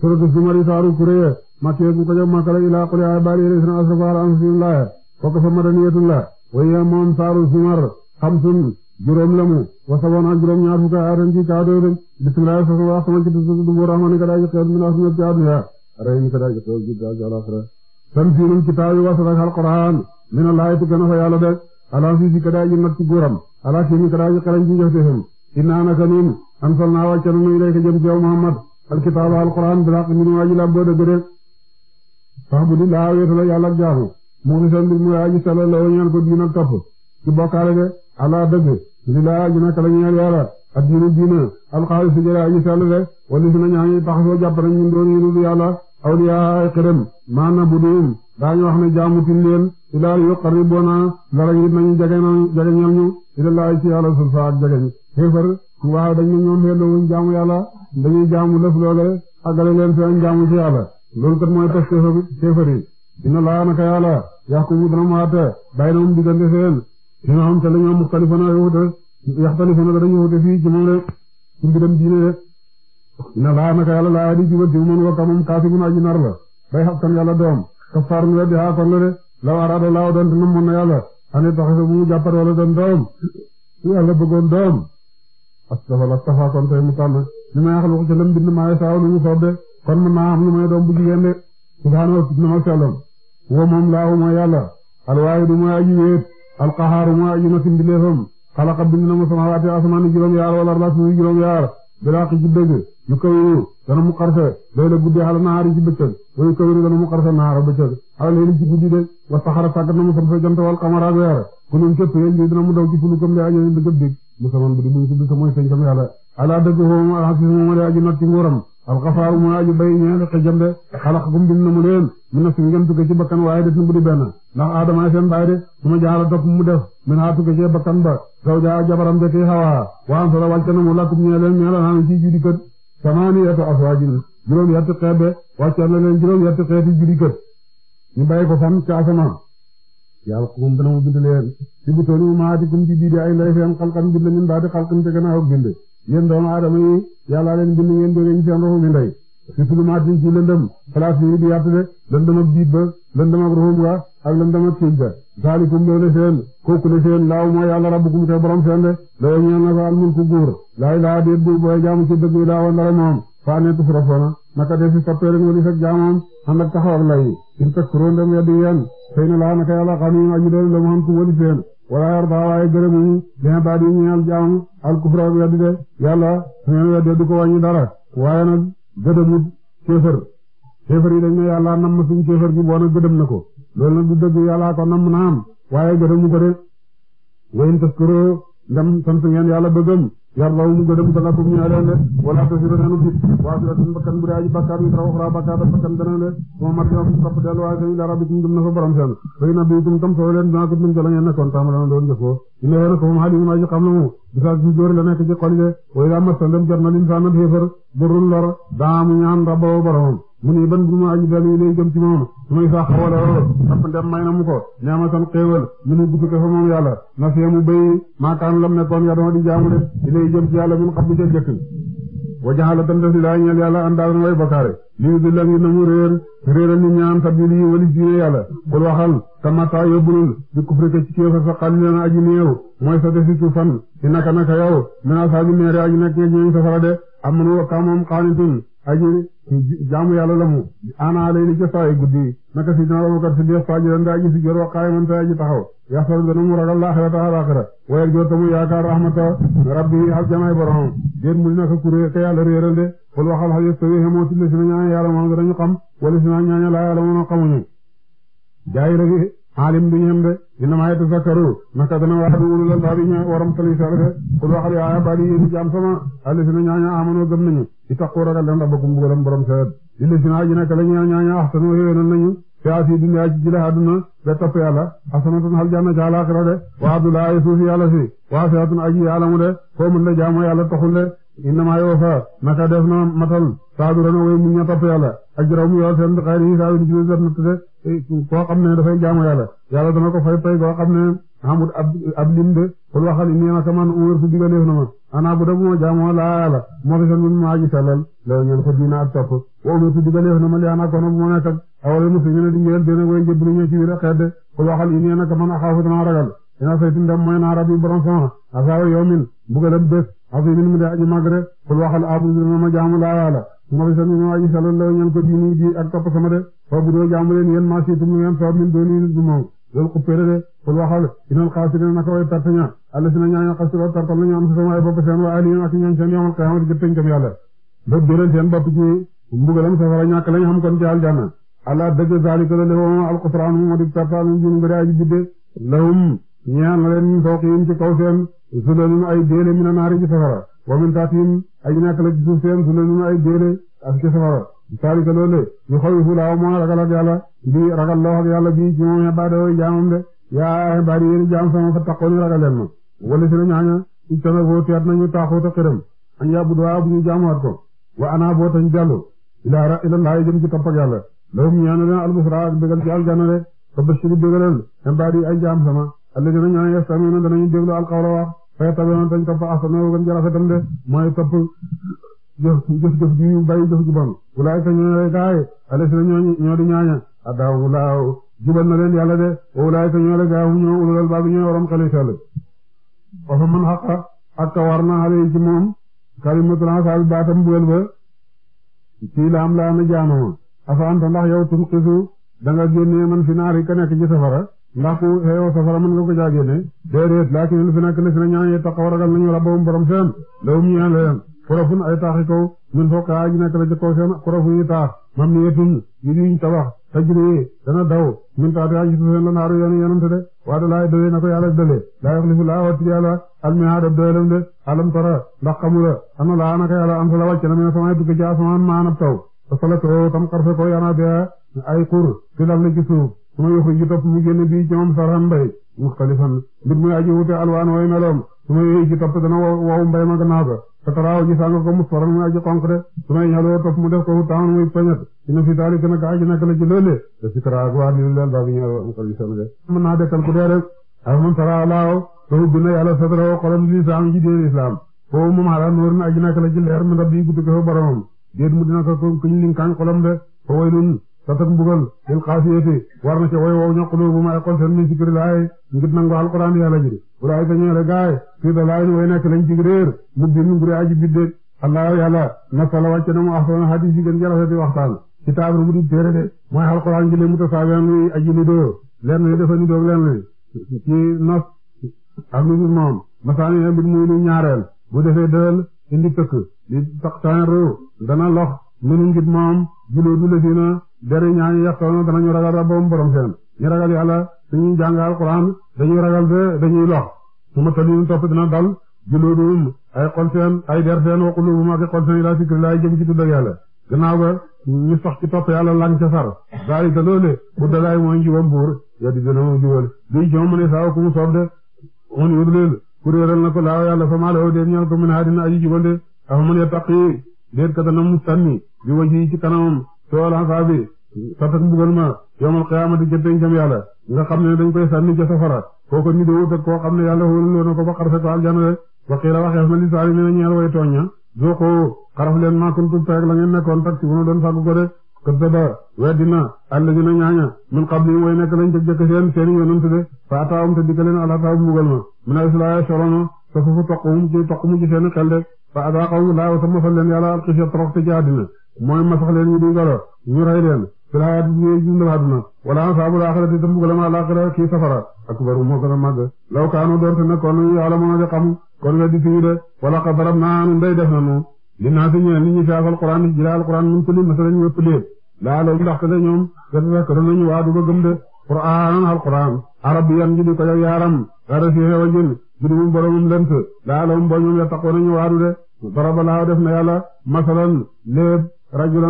suratu zumar saaru kuré ma bu ko jëm makka la ilaa qul yaa ibaadi llaziina asrafu alaa anfusihim laa fokk fa madaniyatun la waaye moom saaru zumar xamsun juróom lamu wa saboon ak juróom ñaar fukki aatan ci kaadoo dem bismillaahi soxna wax sama ci dubu rahmani ka daaji xeet min asuna ci aduna rayni ka daaji xeet jidda ci alaaxira tanziilul kitaabi wasadak alquraan min allaahi tukkana fa yàlla de alaasiisi ka daaji nag ci guuram alaasiini ka daaji xelan ci jëfteefam innaa naka nun anzalnaa wàcce nanu ilayka alkitaaba alquran bilaq min waaji lamboo dëgg de faabudu laa wéetala yàlla ak jaamu muxlisan bi muy la ñaan ko diin ak topp ci bokkaale de ala dëgg li laa aji naka la ñeel yàlla ak diinu diina alxaalis si jële aji sala de wala si na ñaani taxasoo jàpp nañ ñun doon yinu yàlla awliyaa ay maa na buduum daañu wax ne jaamu tin leen ilaa yuqarribuna dara ngir nañu jegeñal ñu ilallaahi ci yàlla sulfa ak jegeñ waaw dañ ne ñoom yelloo wuñ jaamu yàlla dañuy jaamu lëf loole àggale leen seen jaamu ci yàlla loolu kat mooy tax kéefari dina laa naka yàlla yaxkumu dana mu àtte bàyyi na moom diggante seen dina xam te la ñoom muxtalifana na yaxtalifana dañuy wuute fii ci moom rek ci mbiram diine rek dina laa naka yàlla laa di jubal ci moom wakka moom kaasibun aji nar la bay xabtan yàlla doom kafaarun weddi haa kon la de law araada a doon te na mën na yàlla doom yàlla bëggoon parce que wala safa kon tey mu tànn li may wax lu ko ca lam bind maa saaw lu mu soob de kon man maa am lu may doom bu jigéen de subhaanahu wa ta'ala sellam wa moom laahu mooy yàlla alwaahidu mooy aji wéet alqahaaru mooy aji na timbileefam xalaqa bind na mu samaawaati asamaani juróom-yaar yaar bilaa ci dëgg yu kawiru dana mu xarfe layla guddi yu kawiru dana mu xarfe nahaara bëccëg ala layli ci guddi de wa saxara sàggat na mu samsa jant wal qamara weer kulun képp yéen de añoon lu sama bu di muy tudd te mooy pencam yàlla ala dëgg foofu ma xasis moom a aji not ci nguuram alxafaaru mooy aji bay ñeel xejam de xalaq gum bind na mu leen min na suñ ngeen tukki ci bakkan waaye def na bu di benn ndax aadama seen baay de su ma mu def min xaa tukki ci bakkan ba zawja jabaram de kii xawaa wa solo wàcc na mu lakkum ñee leen ñeela naan ci judi kët samaaniyatu aswaajin juróom yetti xeet de wàcc na leen juróom yetti xeeti yàlla kum dana mu bind leen ci bu toll maa di kum ci biir ay lay seen xalqan bind min baadi xalqin te gannaaw bind yéen doomu aadama yi yàlla leen bind ngeen jógee ci seen roxu bi ndey ci tulumaati ci lëndëm place bi di yàtt de lëndëm ak biit ba lëndëm ak roxum ga ak lëndëm ak siij ga saalikum loole seen kooku le seen laaw mooy yàlla rabbukum te borom seen de loolu ñeel na ko al mulku guur laay laa déet buur booy jaamu ci dëgg yi daawoon dara ànd ak lay in takkuroon dem weddi ngeen xëy na laa naka yàlla xanuñ aju leen la mu xam ku wëli seen wala yar baa waaye gërëmuñu bien baal yi ñeel jaamu alkufra ak yàlla su ngeen weddee du ko wàññi dara waaye nag gëdëmut kéefër kéefër yi dañ ne yàlla nam suñu kéefër gi boo na gëdëm na ko loolu nag du dëgg yàlla ko nam na am waaye gëdëmu ko de wa in takkuroo ndam sant ngeen yàlla bëggam yarba mu gëdëm talakum ñaaleen de wala tasira nanu fit waa firatun bakkan bu dee aji bakkaar mi tara oxra bakkaar daf bakkan beneen de moom mat ñoo kum topp dellu bi kum gëm na fa borom seen fay na bii tum tam soo leen dinaa ko tum jala ngeen la doon jëfoo ina yéena ko moom xalim maa ji xam mu bisaas ji góor la nekk ci xol de way daa mat sa ndem jot na linsaan na burun lor daa mu ñaan rabba mu ni bu ma aju ba lay jëm ci moom su may sax wala sapp ndem may na mu ko ñaama san xéewal mu nu gudd ko fa moom yàlla na fee mu béy lam nekkoon ya dama di jaamu de di lay jëm ci yàlla min xam bu wa jaxala tamta si laa ñeel yàlla andaaran way bokkaare lii di la ngi nañu réer réeral ni ñaan sabili yi walis diine yàlla kul waxal tamata yóbbulul di kufrika ci kéefa sa xalilan aji néew mooy sa defi fan ci aji jaamu yàlla la mu ana lay ni ca saway guddi naka si dina Abubakar Siddiq fajiran daa ji si jor wa qayiman ta aji taxaw yaxsar dana mu ragal laaxirata alaaxira wayet jor tamu yaakaar rahmata rabbi ak janaay borom déet mu dina ko kuré ka yàlla réeral de xul waxal xajo tawi xemoo si na ñaane yàlla moom danañu xam wala si na ñaane laa yàlla moom alim du ñem de innama yatazakkaru naka dana waadu ulul albaab yi ña waram tali sal de xul waxal yaa ibaadi yéen jaam sama allasina ñaaña amanoo gëm nañu ittaqu ragal leen rabbakum mbugalam borom seet lillasina aji nekk la ñaa ñaaña axsanu yéwénal nañu fi asi dunya ci jile àdduna be topp yàlla xasanatun hal janna ci alaaxira de wa abdulaay suufi yàlla si waasiatun aji yaalamu de foo mën de jaamu yàlla taxul de innama yoo fa naka def na matal saadurana way mu ña topp yàlla ajraw mu koo xam ne dafay jaamu yàlla yàlla dana ko fay fay koo xam ne amut ab ab lim de pour waxal nii naka man wër su digalee na ma ana bu dee ma jaamoo laa yàlla moo fi sonn maa ji sellal loolu ñun ko diina ak topp woo wër su digalee na ma li ana kono bu ma nekk ak awale musu ñu ne di ngeen benn way jëblu ñu ci biir xedd pour waxal nii naka man axaafu dama ragal dina saytu ndem mooy naa rabbi borom sama asaawa yawmin mbugalam bés azimin mu de aji magre pour waxal abu dina ma jaamu laa yàlla moo fi sonn maa ji sellal loolu ñun ko diini di foofu doo jaamu leen yéen maa siitum lu ngeen soob min dooni du moom loolu ko péré de pour waxal inal xaasiriina naka way perte ña si na ñaaña xasiroo tartal am si sama ay bopp seen wa ahliin ak ñooñ seen yoomal qiyaamati jëppeñ kam yàlla ba jëleen seen bopp ci mbugalam safara ñàkk lañ xam kon ci aljanna ala dëgg zalika la lewoo alxusraan mu ma di tartal mu jun ngëri aji bidde lahum ñeel na leen ci kaw seen zulalun ay déele saalika loole yu xoy fu laaw moo ragal ak yàlla bi ragal loo ak yàlla bi ci moom xebaadoo jaamam de yaa xebaadi yéen jaam sama fa taqooni ragal leen ma wala na ñaaña i tana boo teet nañu taaxuuta xiram an yabuduwaa bu ñu jaamuwaat ko wa ana boo tañ jàllu ilaara ilalaayi jëm ci topp ak yàlla lahum ñaana leen albusra ak bégal ci aljanna de fa bashiri bégalal xebaadi ay jaam sama alla dina ñaan yastamiina danañu déglu alqawla wax fay tabeena tañ topp asanowu gën jarafetam de jëf jëf jëf ji bàyyi jëf ju bon wulaay ka ñooy gaay ale si na ñoo ñoo di ñaaña addaaw wulaaw jubal na leen yàlla de wulaay ka ñoo le gaaw ñoo ululal baabi ñooy waram xeli wa fa man xaqa ak war na xale ci moom kalimatul asaal baatam bugal ba ci laam laam na jaanoo afa anta ndax yow tun xisu da nga génnee man fi naari ka nekk ci safara ndax ku xeewoo safara mën nga ko jaa génne déedéet laakin lu fi nekk la si na ñaañe taqaw ragal nañu korofun ay taaxi kaw min foo kaa ji nekk la ca kaw seen korofun yi taax mam ni yetun yi duñ tabax tajri dana daw min taatiha ji seen la naaru yoonu yonante de na ko yàlla dole laa yoxlifu laa watti yàlla almihaada doyalam de alam tara ndax xamula ana laa naka yàlla am sala wàcc na mene samay tukki ci te sala suuf su ma yoxri ji topp mu génn bii ci moom sarxan mbay muxtalifan mbir muy aji wute alwaan way meloom su ma yoyu ci topp dana waw mbay ma gannaaw ga fataraaw gis nga ko musfaran muy aji xonq de su may ñaloo topp mu def ko taan muy peñat ina fi daali gën a gaa ji nekk la ci loolee te si karaag waa ni leel baabi ñëw xol yi de mën naa dekkal ku dee rek ak man taraa laaw ba ubbi na yàlla fataraaw xolam li islam ji deen islam foofu moom xalaa noor na aji nekk la ci leer mi rabbi guddi ko fa boromam mu dina ko ko kuñ linkaan xolam de fa waylun satak mbugal lil xaasiyati war na walaay ba ñëw rek gaay fii ba laay way nekk lañ ci réer mu biir ñu aji biddeeg allah yàlla nasala wàcce na mu axsana hadis yi gën jarafeti waxtaan kitaab mu di téere de mooy alxuraan ji le mutasaabihan luy aji ni doo lenn yi dafa ni doog lenn yi ci nos ak lu dul moom masaani ya mbir muy lu ñaareel bu defee dël indi tëkk li taqtaan ru dana lox minu ngit moom juloo du lëfina dere ñaañu yaxtana dana ñu ragal rabboom borom seen ñu ragal yàlla suñuy jàng alxuraan dañuy ragal ba dañuy lox su ma tëdduñu topp dina dal juluudum ay xol seen ay der wa quluubum ak xol seen ilaa sikri laay jëm ci tudd yàlla gannaaw ga ñu sax topp yàlla lañ ca sar daal te loole bu dalaay mooy njubam buur ya di dina mu jubal luy ci mu ne saa ku mu soob de mun yut ku réeral na ko laaw yàlla fa maalo de ñal min haadin aji jubal de afa man yattaqi déet ka dana mu sànni bi waji ci kanamam satak mbugal ma yawmal qiyaamati ca pencam yàlla nga xam ne dañ koy sànni ca safara kooko ni doo tak koo ne yàlla wóolu na ko ba xarfe ko aljana rek wa qiila waxeef na li zaalimiina ñeel way tooña zuuqu xaraf leen maa kuntum taak la ngeen nekkoon tak ci bu nu doon fàggu ko de kazzaba weddina ñaaña min qablihim way nekk lañ ca jëkk seen seen yonent de fa ataawum te dikka ala taawum mbugal ma mina islaya solono sa fufu toqum ci toqum ci seen fi laa dundee dundal àdduna wala ansaabul aaxirati te mbugalam àllaaxira kii safara akbaru moo gën a màgg law kaanu doon te nekkoon nañu ya'lamuuna di xam kon la di fi de wala qad darabnaa nun day def nañu li naa si ñëwee nit ñi fi alquran di jëlee alquran min kulli masalan wépp léeb laa loolu ndax te de ñoom te te fekk doon nañu waa du ko gëm de qur'aan alquran arabiyyan ji di ko yow yaaram dara si xew a jën bu dul boromam lent laa loolu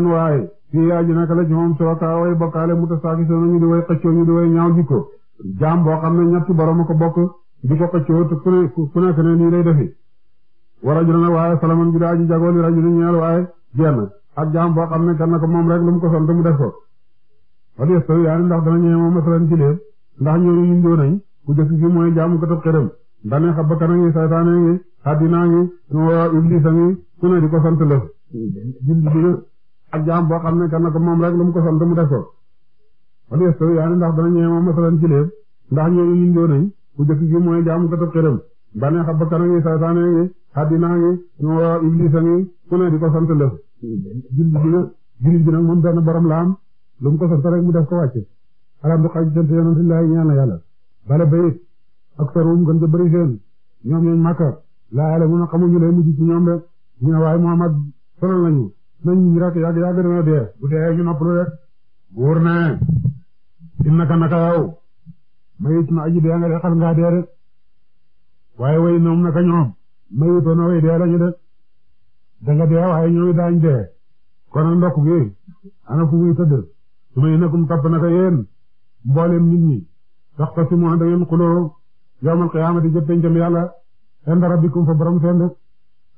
boo kii yaa ji naka ci moom sooka way bokkaale mu ta saaki soona ñu di way xëccoo ñu di way ñaaw jikko jaam boo xam ne ñetti borom a ko bokk di ko xëccoo te ku ne ku nekk ne nii lay defi war a jëloon waaye salaman bi daa ji jagoo li rajo ñeel waaye jenn ak jaam boo xam ne gan na ko moom rek lu mu ko sant mu def ko. wala yëpp tamit yaa ndax dana ñëwee moom masalan ci leen ndax ñooñu ñu doon ku jëkk gi mooy jaamu ko tëb xëram ndane xa bakkan a ngi saytaane ngi xaddinaa ak jaam boo xam ne kenn ko moom rek lu ko sant mu def ko wala yëstoo yaa ni ndax dana ñëwee moom masalan ci léeb ndax ñooñu ñun doo nañ ku jëkk gi mooy jaamu ko tëb xiram banee xa bakkan a ngi saytaane ngi a ku ne di ko sant lëf jullit bi nag jullit bi nag moom benn la am lu mu ko sant rek mu def ko yaa alam du xaj sant yonent laay ñaan la yàlla bala ak sarum gën ko bëri seen ñoom ñooñ màkka laa yàlla mun a xamuñu lay mujj ci ñoom rek nañ ñu rek yàgg yàgg dana dee bu dee ñu noppalu rek buur ne inna ka naka yow mayit na aji dee nga de xal ngaa dee rek waaye way noom naka ñoom mayitoo na way dee danga dee waaye ñoomi daañ dee kon a ndokk gi ana fu muy tëdd su may nakum tapp naka yéen mboolem nit ñi tax ta si mu da ngeen xuloo yawmal qiyaamati jëppencam yàlla inda rabbikum fa borom seen rek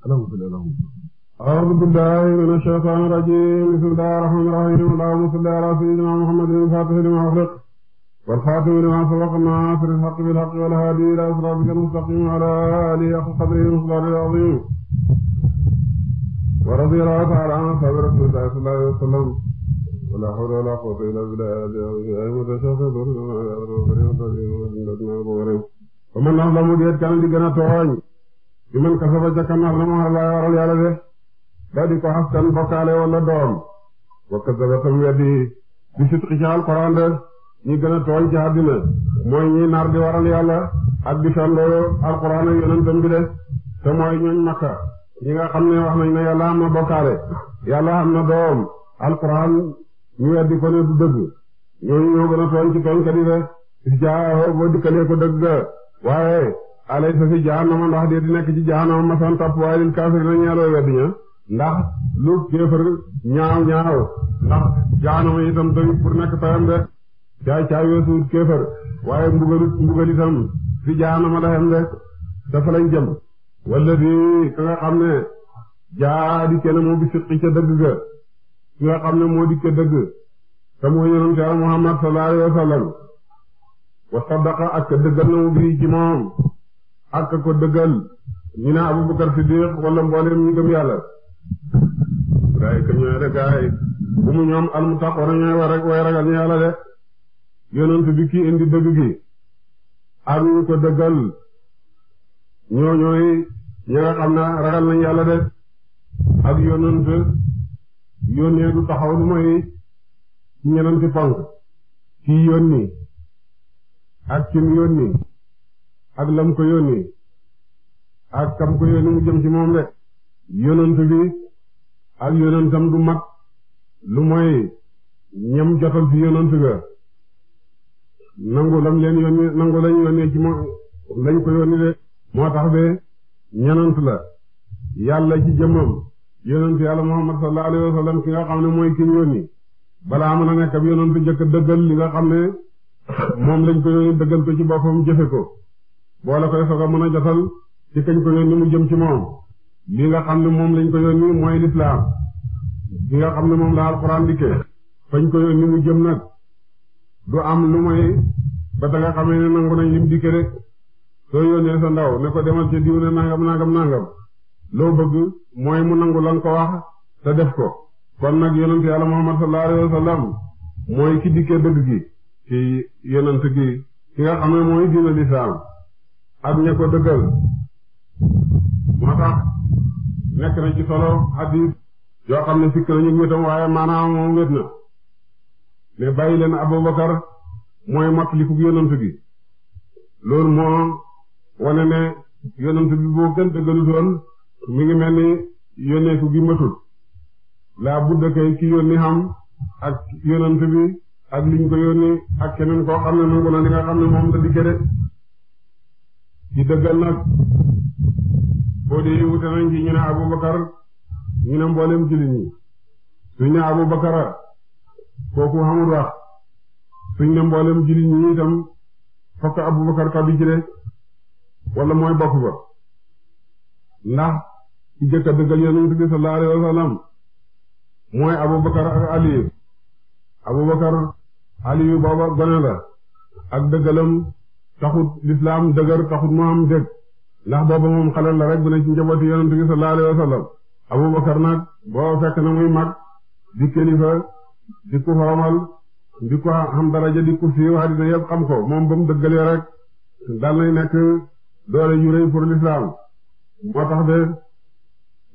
allahumma salli أعوذ بالله من الشيطان الرجيم بسم الله الرحمن الرحيم اللهم صل على سيدنا محمد الفاتح لما أغلق والخاتم لما سبق ناصر الحق بالحق والهادي إلى صراطك المستقيم على آله حق قدره ومقداره العظيم ورضي الله تعالى عن أصحاب رسول الله صلى الله عليه وسلم ولا حول ولا قوة إلا بالله أئمة الشيخ ضر ومن أظلم جهد كان لجنة وعين بمن كسب جكا أظلمها لا يرى اليالبه daal di ko askan bokkaale wala doom wakka saba tam weddi bi sutqi ci alxuraan de ñi gën a tooñ ci àddina mooy ñi nar di waral yàlla ak di fenloo alxuraan ak yonentam bi de te mooy ñooñ makka ñi nga xam ne wax nañ ne yàlla am na bokkaale yàlla am na doom alxuraan ñu weddi ko ne du dëgg ñooñu ñoo gën a tooñ ci tooñ kat yi de si jaa boo dikkalee ko dëgg waaye alay sa si jahannama ndax dee di nekk ci jahannama masan tapp waaye lil kaafir na ndax lu kéefër ñaaw ñaaw ndax jaanama itam doyut pour nekk payam de caay caay weesuut kéefër waaye mbugalut mbugal itam fi jaanama dayam de dafa lañ walla di ka nga xam ne jaa di kenn moo bi siqi ca dëgg ga ki nga xam ne moo di dëgg te mooy yonente Yàlla Muhammad sallallahu alayhi wa sallam saddaqa ak dëggal na mu bii ci moom ak ko dëggal ñu ne Abubakar Siddiq walla mbooleem ñu gëm yàlla day ka ñooy de gaay bu mu ñoom almuttaqoona ñooy way ragal ñu yàlla de yonent bi indi dëgg gi ak ñu ko dëggal ñoo ñooy ñi nga xam ne ragal nañ yàlla de ak yonent yónnee du taxaw lu mooy ci ñenenti ponk ci yónni ak cim yónni ak lam ko yónni ak kam ko yónni mu jëm ci moom de yonent bi ak yonentam du mat lu mooy ñam jotal fi yonent ga nangu lam leen yónnee nangu lañ yónnee ci moom lañ ko yónnee moo tax be ñanant la yàlla ci jëmmam yonent yàlla muhammad sallallahu alayhi wa ki nga xam ne mooy ki ñu yónni balaa mën a nekk ab yonent jëkk dëggal li nga xam ne moom lañ ko yónni dëggal ko ci boppam jëfe ko boo la koy soog a mën a jotal kañ ko yónni mu jëm ci moom li nga xam ne moom lañ ko yónni mooy lislaam li nga xam ne moom la alxuraan dikkee fañ ko yónni mu jëm nag du am lu may ba da nga xamee ne nangu lim dikkee rek soo yónnee sa ndaw ne ko demal ca diw ne nangam nangam nangam loo bëgg mooy mu nangu lan ko wax te def ko kon nag yonent yàlla muhammad sallallahu alayhi wa sallam mooy ki dikkee dëgg gi ci yonent gi ki nga xam ne mooy diina lislaam ak ña ko dëggal moo tax nekk na ci solo hadis yoo xam ne sikk nañu wétam waaye maanaam moom wét na mais bàyyi leen Abubakar mooy mottaliku yonent gi loolu moo wane ne yonent bi boo gën dëggalu doon ngi mel ni yónneeku gi matul laa budda kay ki yónni xam ak yonent bi ak liñ ko yónni ak keneen koo xam ne nangu na li nga xam ne moom la dikke de ci dëggal nag boo dee wute nañ ci ñu ne Abubakar ñu ne mboolem jullit ñi suñ ne Abubakar kooku xamul wax suñ ne mboolem jullit ñi itam fokk Abubakar ka bi mooy bokk ba ndax ci jëkk dëggal yonent bi sallallahu alayhi wa sallam mooy Abubakar ak Aliyu Abubakar Aliyu booba gone la ak dëggalam taxut lislaam dëgër taxut mu am dëgg ndax boobu moom xalal la rek bu ne ci njabooti yonent bi sallallahu wasallam Abubakar nag boo fekk na muy mag di kilifa di ku xoromal di ko xam daraja di ku siiw àddina yëpp xam ko moom ba mu dëggalee rek dal nay nekk doole ju rëy pour moo tax de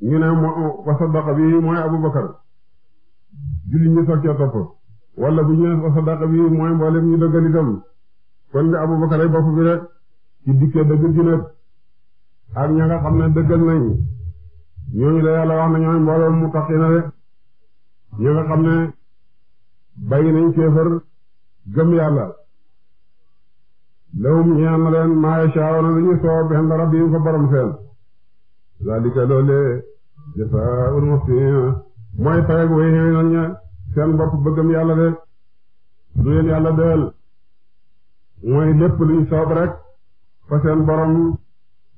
ñu ne moo wasaddaqa bi mooy Abubakar julli ñu soog topp wala bu ñu ne wasaddaqa bi mooy mboolem ñu dëggal itam kon de Abubakar ay bi rek ci dikkee dëgg ci ak ña nga xam ne dëggal nañu ñooñu la yàlla wax na ñooy mbooloo mu taqi ña nga xam ne bàyyi nañ kéefër gëm yàlla lawum ñaan na leen maa yasha'una lañu soob inda rabbihim fa borom seen zalika loole jazaa'ul muhsinin mooy fayag way xewi nañ ña seen bopp bëggam yàlla de du leen yàlla del mooy lépp luñ soob rek fa seen borom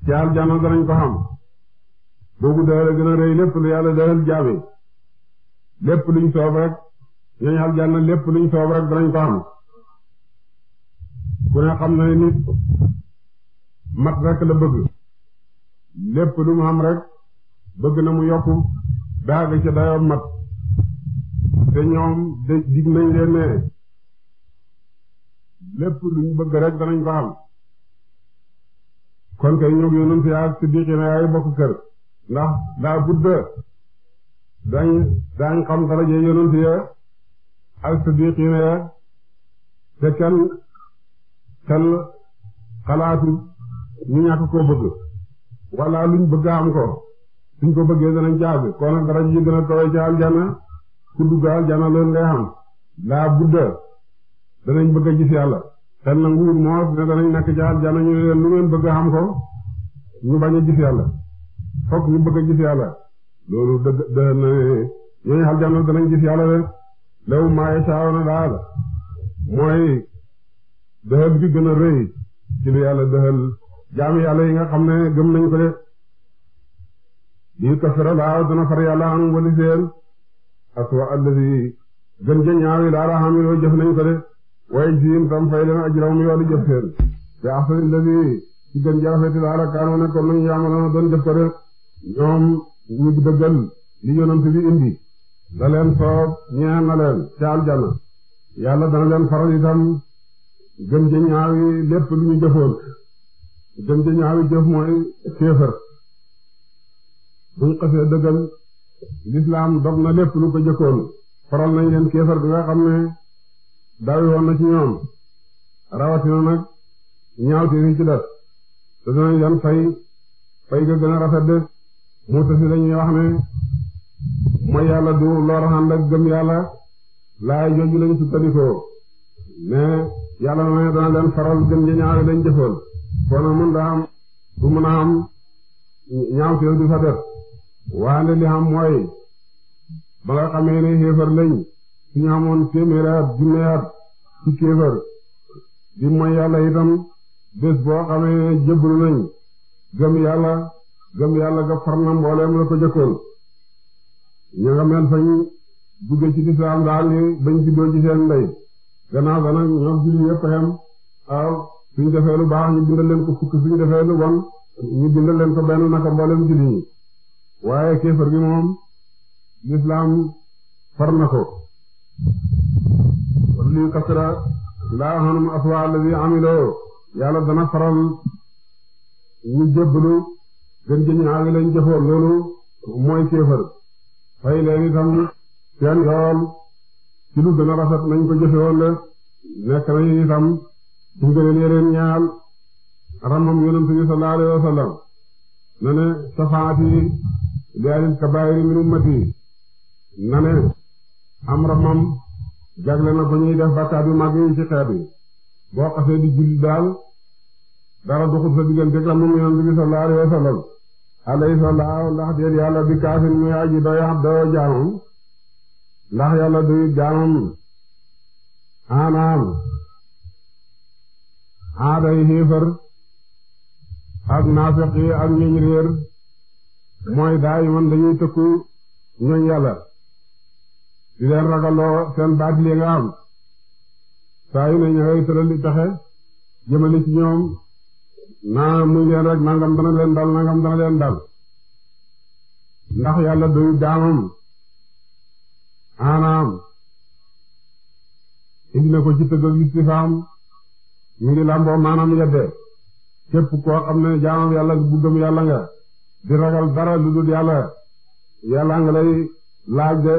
ci aljana danañ ko xam boobu dara gën a lépp lu yàlla dëral jaami lépp luñ soob rek ñooñ aljana lépp luñ soob rek danañ ko xam ku ne na ne nit mat rek la bëgg lépp lu mu rek bëgg na mu yokku baaga ca dayoo mat te ñoom de dig nañ leen ne lépp luñ bëgg rek danañ ko xam kon kay ñoom yonent si ak siddiqina yaay bokk kër ndax daa gudd dañ dañ xam daraje yonent ya ak siddiqina ya te kenn kenn xalaatu ñu ñàkk koo bëgg wala luñ bëgg am ko suñ ko bëggee danañ caabi kon nag daraje yi gën a kawe ci aljana ku dugg aljana loolu ngay xam daa gudd danañ bëgg a gis yàlla ten na nguur moos ne danañ nekk ca aljana ñu leen ngeen bëgg xam ko ñu bañ a gis yàlla fokk ñu bëgg a gis yàlla loolu dëgg dana ñooñu aljana danañ gis yàlla rek law maaye saawana daal mooy dëxal bi gën a rëy ci lu yàlla dëxal jaami yàlla yi nga xam ne gëm nañ ko de lii kafira laa dana far yàlla am wali seen aswa allazi gën ja ñaawi laa la xamiloo jëf nañ ko de way siin tam fay leen ajramu yoolu jëf seen te axsanil ladi ci gën jarafeti yaamaloona doon jëf ko de ñoom ñu dëggal li yonent bi indi la leen soob ñeen na leen ca aljanna dana leen faral itam gën ca ñaawi lépp lu ñu jëfoon gën ca ñaawi jëf mooy kéefër buñ xasee dëggal lislaam dog na lépp lu faral nañ leen kéefër bi nga ne dawi woon na ci ñoom rawatina nag ñaaw te ci def te dinañ leen fay fay ga gën a rafet de muusa si dañuy wax ne mooy yàlla du lor ànd ak gëm yàlla laay jooju lañ sukkandikoo mais yàlla na dana leen faral gën ñaari lañ jëfoon kon mun daa am am ñaaw te du sa def waande li xam mooy ba nga xamee ne xéefar lañ ci ñu amoon téeméeri at junne at ci kéefër di mooy yàlla itam bés boo xamee jëblu nañ gëm yàlla gëm yàlla ga far na la ko jëkkoon ña nga mel fañ dugge ci lislaam daal ni bañ juddoo ci seen ndey gannaaw ga ñoom julli yëpp xam waaw suñ defee baax ñu bindal leen ko fukk suñ defee lu ñu bindal leen ko benn naka mbooleem julli ñi waaye kéefër gi moom lislaam far ko wala kasra laa hanum aswa allazi amiloo yàlla dana faral ñu jébbalu gën jëñu awi lañ loolu mooy kéefër fay leen itam seen yool ci lu gën a rafet nañ ko jëfewoon de nekk nañu itam ci ngëneel yeneen ñaal ramam yonent bi sallallahu alayhi wasallam na ne safaati kabaayiri min ummati na am ramam jagle na ba ñuy def bakkaar yu mag yi ci xeet yi boo xasee di julli daal dara duxut sa diggante ak ramam yonent bi sallallahu wa sallam alayhi salaahu ndax déet yàlla bi kaafin muy aji doy ab doyoo jaamam ndax yàlla duy jaamam anaam aaday xiifar ak naafiq yi ak ñuñ réer mooy daay man dañuy tëkku ñooñ yàlla di leen ragaloo seen baat yi nga am saa yu ne ñu ngay tëral di taxe jëmale ci ñoom naa muy leen rek nangam dana leen dal nangam dana leen dal ndax yàlla doyu jaamam aanaam indi na ko ci tëgg ak istifaam mu ngi làmboo maanaam yedde képp di ragal dara lu dul yàlla yàlla nga laaj de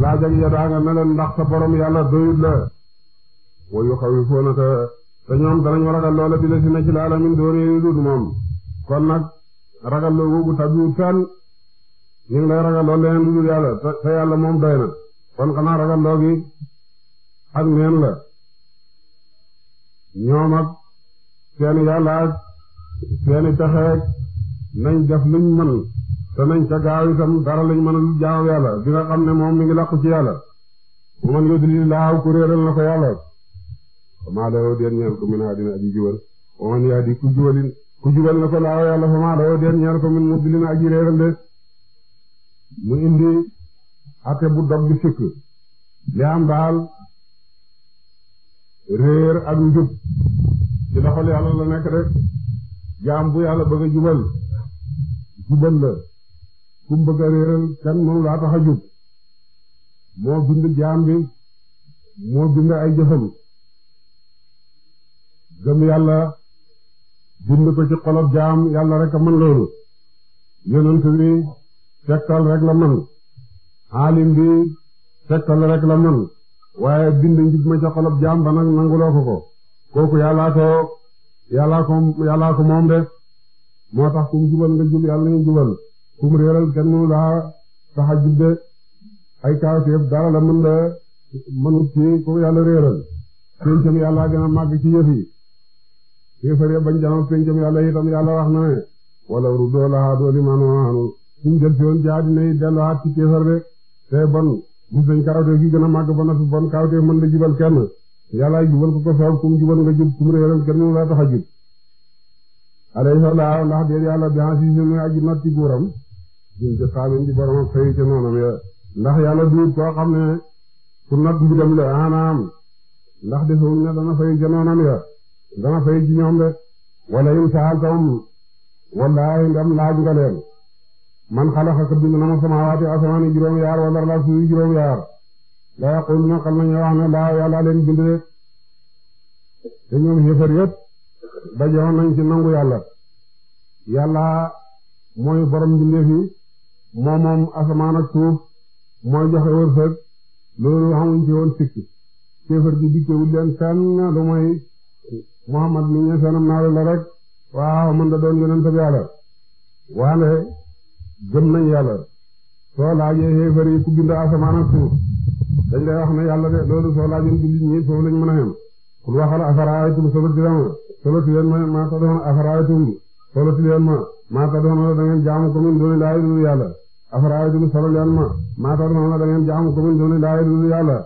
laaj ak yadaanga ne leen ndax sa borom yàlla doyut la wayu xaw yi foo na te te ñoom danañu loola bi la si na ci laala min doon yooyu dut moom kon nag ragal loo bu tabiwut fenn ñu ngi lay ragal lool leneen lu dul yàlla moom doy kon xanaa ragal loo ak neen la ñoom ak seeni yàlla ak seeni pexeek nañ def luñ te nañ ca gaaw itam dara lañ mën a lu yàlla bi xam ne moom mi ngi làqu ci yàlla mu man yóbbu laaw ku réeral na ko yàlla famaa lawoo deen ñeel ko ko laaw yàlla famaa lawoo deen réeral de mu indi ate bu dog bi sikk li am daal réer ak njub ci loxol yàlla la nekk rek jaam bu yàlla bëgg a jubal jubal la kum bëgg a réeral kenn mënu laa tax a moo bind jaam bi moo bind ay jëfam gëm yàlla bind ko ci xolob jaam yàlla rek a mën loolu yonent bi tegtal rek la mën aalim bi tegtal rek la mën waaye bind njub ma ci xolob jaam ba nag nanguloo ko ko yàllaa ko yàllaa ko moom de moo tax kum jubal nga jub yàlla nga jubal kum réeral kenn laa tax a jubbe ay kaawteef dara la mën la mënut ci ku yàlla réeral pencam yàlla gën a màgg ci yëf yi bañ janook pencam yàlla itam yàlla wax na ne wala ruddoo laa dooli maanoo maanu suñ del fi woon jaadi nay delluwaat ci kéefar de te bon gis nañ kaawteef gi gën a màgg ba noppi bon kaawteef mën la jubal kenn yàlla jubal ko ko soob kum jubal nga jub kum réeral kenn laa tax a jub alayhi salaam ndax yàlla bi asiis muy aji not jëm ca saalim di borom ak fayu ca noonam ndax yàlla duut koo xam ne pour nag mbiram la anaam ndax defewuñ ne dana fayu ca noonam ya ndam laaj nga leen man xalaxaka bind na ma samaawaati asamaani juróom yaar wala la suuy juróom yaar la yaqul na xal nañu wax ne laa yàlla leen bind de te ñoom xéefar yépp dajewoon nañ ci nangu yàlla yàlla mooy borom mbindeef moo moom asamaan ak suuf mooy joxe loolu xamuñ ci woon sikki kéefër gi dikkewul leen kenn mi ñu seenam naa la rek waaw man da doon yonent bi yàlla waale gëm nañ yàlla soo laajee kéefër yi ku bind asamaan dañ lay wax ne yàlla de loolu soo laajoon jullit ñi foofu lañ mën a yem kul waxal afaraaytum soloti leen soloti leen ma maa tax doon afaraaytum soloti leen ma maa tax doon da ma jaamu ko min doon laay yàlla afaraayitum solo leen ma maa tax na da ngeen jaamu ko min duni laay du yàlla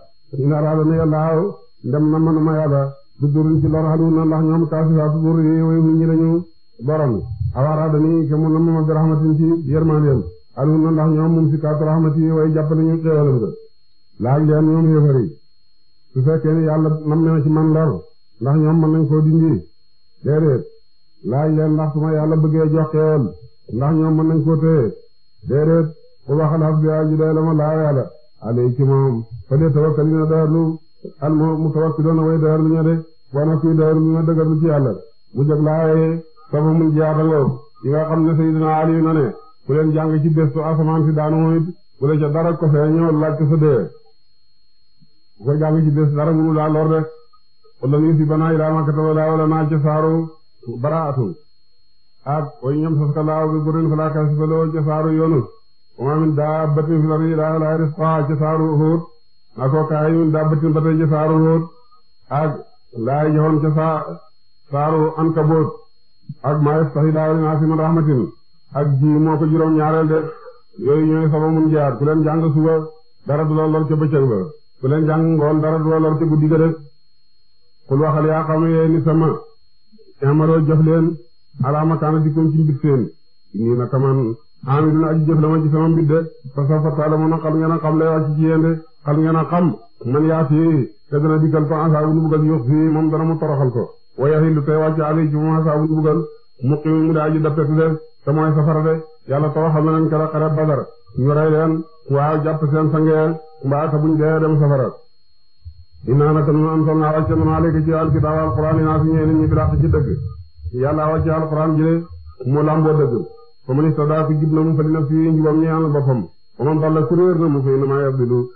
in araadana yàllaaw ndem na man ma yàlla du durin ci lor xalu na ndax ñoom kaasifa su dur yi way ñi lañu borom aw araadani ke mu na ma bi rahmatin ci yërmandeem xalu na ndax ñoom mum si kaatu rahmati way jàpp nañu xéewalam ga laaj leen ñoom xéefari su fekkee ne nam na ci man lor ndax ñoom mën nañ koo dindi déedéet laaj leen ndax su ma yàlla bëggee jox xéewal ndax ñoom mën nañ déedéet ku waxalaaf bi aji day la ma laa yàlla ale ci moom fale tawakkal ñu al mu tawakkiloona way daarlu ña de wana kuy daarlu ña dëgërlu ci yàlla mu jëg laaye sama muy jaatangoo yi nga xam ne Seydina na ne ku leen jàng ci bestu asamaan si i moom it bu la ca dara ko fee de wala ñu si banaa ma kataba laa wala naa ca saaru ab way ñam sas ka laaw bi burin falaa kasifa lahu ca saaru yunus wa maa min daabbatin fil ardi illaa alaa rizquhaa ca saaru huud na ko kaay min daabbatin ba ca saaru huud ak laay joxoon ca saa saaru ankaboot ak maa yaftahi laahu linnaasi min rahmatin ak ji moo ko juróom ñaareel de yooyu ñooy sama mun jaar ku leen jàng dara du la ca bëccëg ba ku leen jàng dara du la ca guddi ga de qul waxal yaa qawmi yéen sama amaloo jëf leen alaama kaana dikkoon ci mbir seen nii naka man amilun aji jëf la ma ci sama mbir de fa sawfa ta'lamuuna xam ngeen a xam lay wàcc ci yéen de xam ngeen a xam man yaati te dana dikkal ko asaabu bugal yox fi moom dana mu toroxal ko wa yahillu tey wàcc alay ci moom asaabu bugal muqiim mu daa ji dappetu de te mooy safara de yàlla na leen kera xare badar ñu rey leen waaw jàpp seen sangee mbaa te buñ dee dem safara inaa naka nu anzalnaa yàlla wàcce alxuraan jële mu làmboo dëgg fa mu nista daa ku jub na mu fa dina fii njubam ñeel boppam fa man dalla ku réer na mu fay na maa yabdilu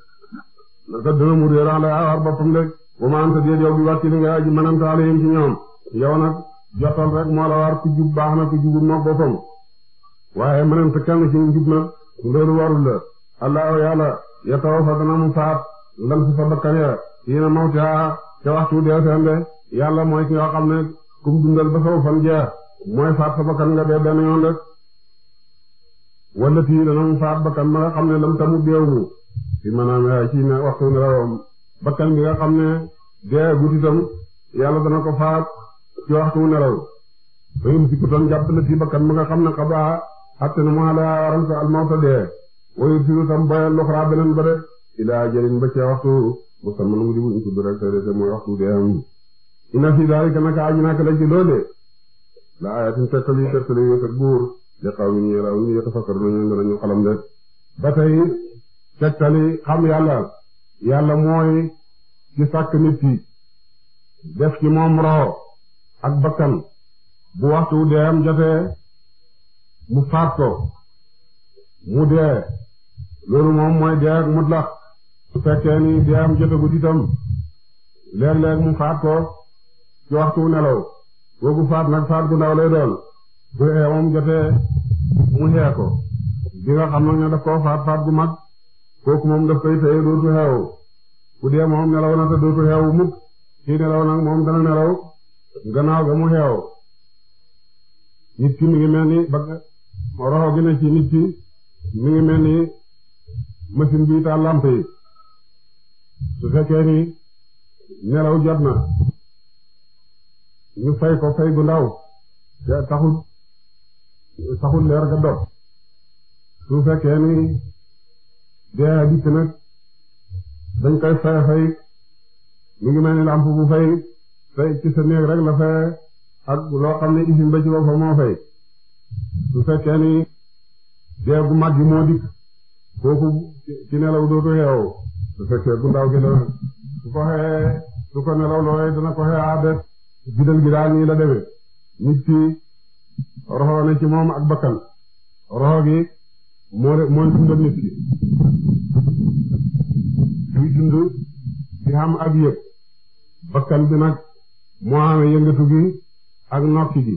naka dina mu réer ala awar boppam rek wa ma anta déet yow bi wàcc li nga aji mënante alayhim ci ñoom yow nag rek moo la war ku jub baax na ku jubul mook boppam waaye mënante kenn ci njub na loolu warul la allah yàlla ya taw fa dana mu faat lan si fa ya yéena mawtiha ca waxtu dee seen de ku mu dundal ba saw fan jeex mooy faat sa bakkan nga dee benn yoon rek dana faat bakkan ma nga xam ne lam tamu deew mu fi maanaam ci ne waxtu nelawam bakkan bi nga xam ne dee gudditam yàlla dana ko faat ci waxtu nelaw fayum si kutam jàpp la bakkan ma nga xam ne xabaa atte na mu xalaa waral sa almawta dee wayu si tam boyal loxraa beneen ba de ilaa jëriñ ba ci waxtu musamman mu di buñ tudd rek te de mooy waxtu dee am inna fi daalika naka aji naka la ci loolee la ayatin tegtal yu tegtal yu yëkkat buur li xaw mi ñu raw ñu yatafakkaruna ñu danañu xalam rek ba tey tegtali xam yàlla yàlla mooy ci sàkk nit ki def ci moom roxo ak bakkan bu waxtu deeyam jotee mu faat ko mu dee loolu moom mooy dee ak mutlaq su fekkee ni deeyam jotagut itam léeg-léeg mu faat ko ci waxtu nelaw googu faat nag faat gu ndaw lay doon bu moom jotee mu xee bi nga xam nag ne daf koo faat faat gu mag kooku moom daf koy teye dootu xeewu bu dee moom nelaw na te dootu xeewu mukk kii nelaw nag moom dana nelaw gannaaw ga mu xeew nit ki mi ngi mel ni ba roxo gi ne ci nit ki mi ngi mel ni machine bi taal lamp yi su fekkee ni nelaw jot na ñu fay ko fay gu ndaw te taxul leer ga dog su fekkee ni dee dikk nag dañ koy fay fay mu ngi mel ni lamp bu fay fay ci sa néeg rek la fay ak loo xam ne usine ba ci boppam moo fay su fekkee ni dee gu mag moo dikk kooku ci nelaw dootu xeew su fekkee gu ndaw gi su ko su ko nelaw looy dana ko xee a guddal gi daal nii la demee nit ki roxo na ci moom ak bakkan roxo gi mooy dundal nit ki buy dund di am ak yëg bakkan bi nag moo amee yëngatu gi ak nokki gi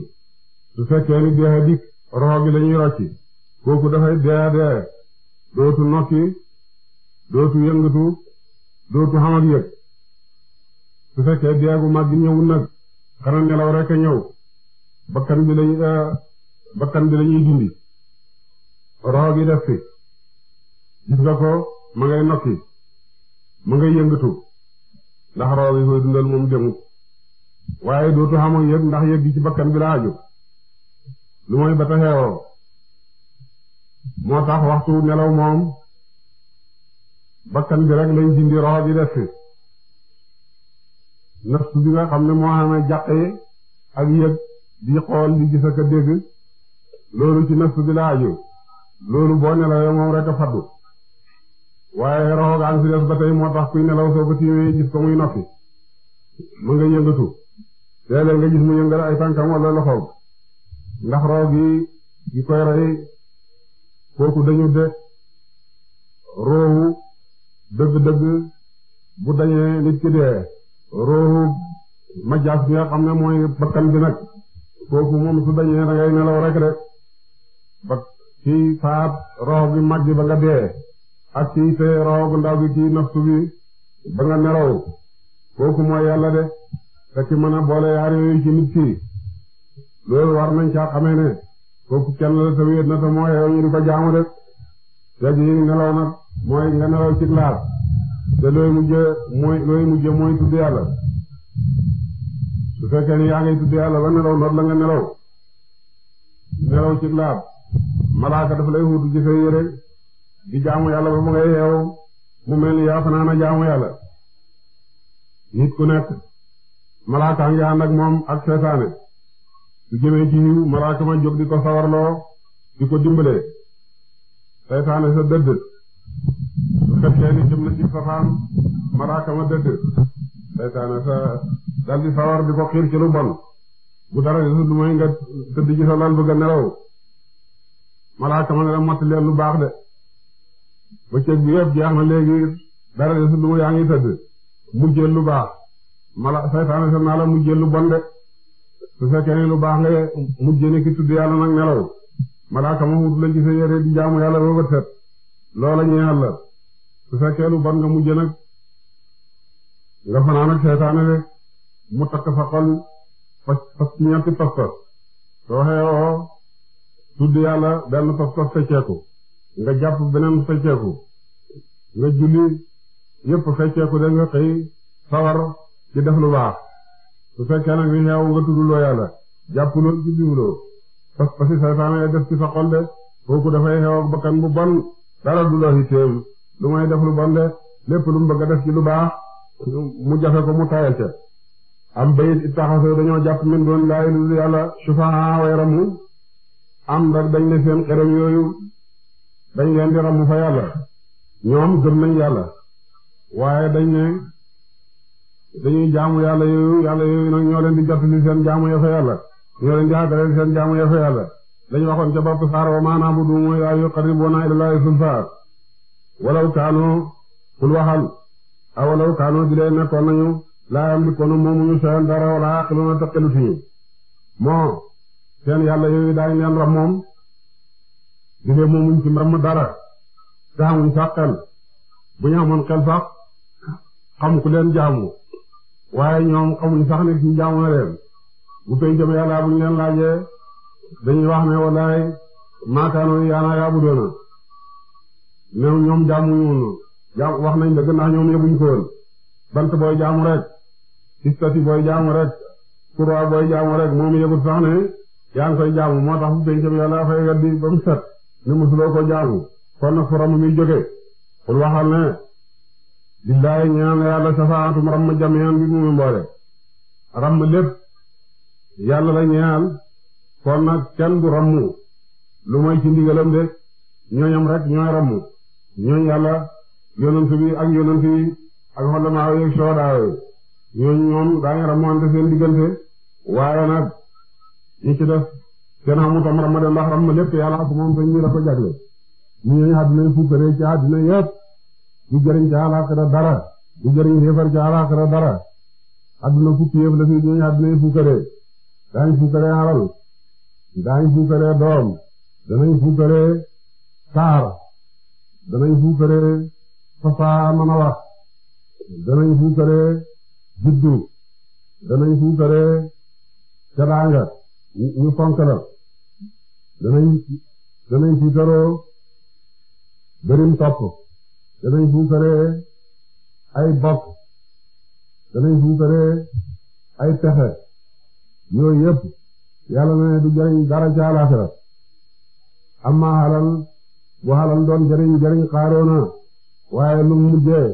su fekkee ni dee a dikk roxo gi lañuy rocci kooku dafay dee a dee dootu nokki dootu yëngatu dootu xam ak yëg su fekkee dee gu mag ñëwul nag xanaa nelaw rek ñëw bakkan bi lañuy euh, bi lañuy dindi roog yi def fi gis nga ma ngay nokki ma ngay yëngatu ndax roog yi koy dundal moom demut waaye dootu xam ak yëg ndax yëg gi ci bakkan bi la lu mooy ba moo tax waxtu nelaw moom bakkan bi rek lay dindi roog yi def fi nëfs bi nga xam ne moo xamee jàqee ak yëg di xool di gis ak a dégg loolu ci nëfs bi la aju loolu boo nelawee moom rek faddu waaye roxo gaa ngi fi des ba tey moo tax kuy nelaw soo ko tiiwee gis ko muy noppi mu nga yëngatu léeg nga gis mu yëngal ay tànkam wala loxoom ndax roxo gi koy rey kooku dañu de roowu dëgg-dëgg bu dañee nit ki dee ruuxu majaas bi nga xam ne mooy bakkan bi nag foofu moom su dañee da nelaw rek rek ba kii faat rox bi mag bi ba nga dee ak kii te rox bu ndaw bi kii naftu bi ba nga nelaw kooku mooy yàlla de te ki mën a boole yaar yooyu ci nit ki loolu war nañ caa xamee ne kooku kenn la te wéet na te mooy yow di ko jaamu rek te ji nelaw nag mooy nga nelaw ci glace. te looy mujjee mooy looy tudd yàlla su fekkee ne yaa ngay tudd yàlla ba nelaw noot la nga nelaw nelaw ci laab malaaka dafa lay wutu ci yére di jaamu yàlla ba mu ngay yeew mu mel ni yaa fanaana jaamu yàlla nit ku nekk malaaka ngi ànd ak moom ak seetaane su jëmee ci yiw malaaka ma jóg di ko sawarloo di ko dimbalee seetaane sa dëdd kapteeni jëm na ci safaan malaaka ma dëdd seytaane sa dal di sawar bi ko xiir ci lu bon bu dara desul lu mooy nga tëdd ci sa lal bëgg a nelaw malaaka ma ne la motti leen lu baax de bëccëg bi yëpp jeex na léegi dara desul lu mu yaa ngi tëdd mujjeel lu baax mala seytaane sa naa la mujjeel lu bon de su fekkee ne lu baax nga mujjee ne ki tudd yàlla nag nelaw malaaka wut la ci sa di jaamu yàlla ba set loola ñeexal la su fekkee nga mujj nga fanaan ak seetaane mu takk fa xol fas fas ci ñetti pas-pas soo benn pas fecceeku nga jàpp beneen fecceeku nga julli yëpp fecceeku da nga xëy sawar ci def lu baax su fekkee nag li xeewu nga tudduloo yàlla jàppuloo julliwuloo pas-pasi seetaane def ci sa de kooku dafay xew ak bu bon dara du la hitteem lu mooy def lu bon de lépp lu mu bëgg a def ci lu baax mu jafe ko mu tayal ca am bayit ittaxasoo dañoo jàpp min doon laay lu yàlla sufaha way ramu am ndax dañ ne seen xerem yooyu dañ leen di ramu fa yàlla ñoom gëm nañ yàlla waaye dañ ne dañuy jaamu yàlla yooyu yàlla yooyu nag ñoo leen di jottali seen jaamu ya fa yàlla ñoo leen di xàggalee seen jaamu ya fa yàlla dañ waxoon ca bopp saar wa maanaam bu duumoo yaa yu a ilallaahi sulfaa walaw kaanu kul waxal a walaw kaanu di leen nekkoon nañu laa yamlikuuna moomuñu seen dara wala yaqiluna taqalu fii moo seen yàlla yooyu daañu leen ram moom di leen moomuñ ci ram dara bu ñu xamoon xel sax jaamu waaye ñoom xamuñ sax ne jaamu na leen bu fey jëm yàlla bu ñu leen laajee dañuy wax ne wallaay maakaanu yaana yaabudoona ñoom ñoom jaamu ñu jaam wax nañ dëgg ndax ñoom yëguñ bant booy jaamu rek istati booy jaamu rek kuraa booy jaamu moom yëgut sax ne yaa ngi moo tax bu pencam yàlla fay weddi ba mu set ne musuloo ko jaamu kon nag forom mi jóge pour waxal ne billaahi ñaan yàlla safaatum ram jamian bi mu mboole ram lépp yàlla la ñaan kon nag kenn du rammu lu moy ci ndigalam de ñooñam rek ñooy rammu ñooñu yàlla yonent bi ak yonent yi ak xolamaa yi ak soodaa yi ñooñu ñoom daañu ramante seen diggante waaye nag ñi ci def seen xamutam ramade ndax ram lépp yàlla ko moom te ñu ko jagle ñu ñooñu àddina fukkare ci àddina yépp du jëriñ ci àllaaxira dara du jëriñ xéefar dara àddina fukki yëf la fi ñooñu àddina fukkare daañu fukkare xaral doom danañ fukkare taar danañ fuukaree fasaa mën a wax danañ fuukaree juddu danañ fuukaree teraanga ñu fonk la fuukaroo bërim topp danañ fuukaree ay bopp danañ fuukaree ay pexe yooyu yëpp yàlla ne du jariñ dara amma halal waxalam doon jëriñ jëriñ xaaroona waaye lu mujjee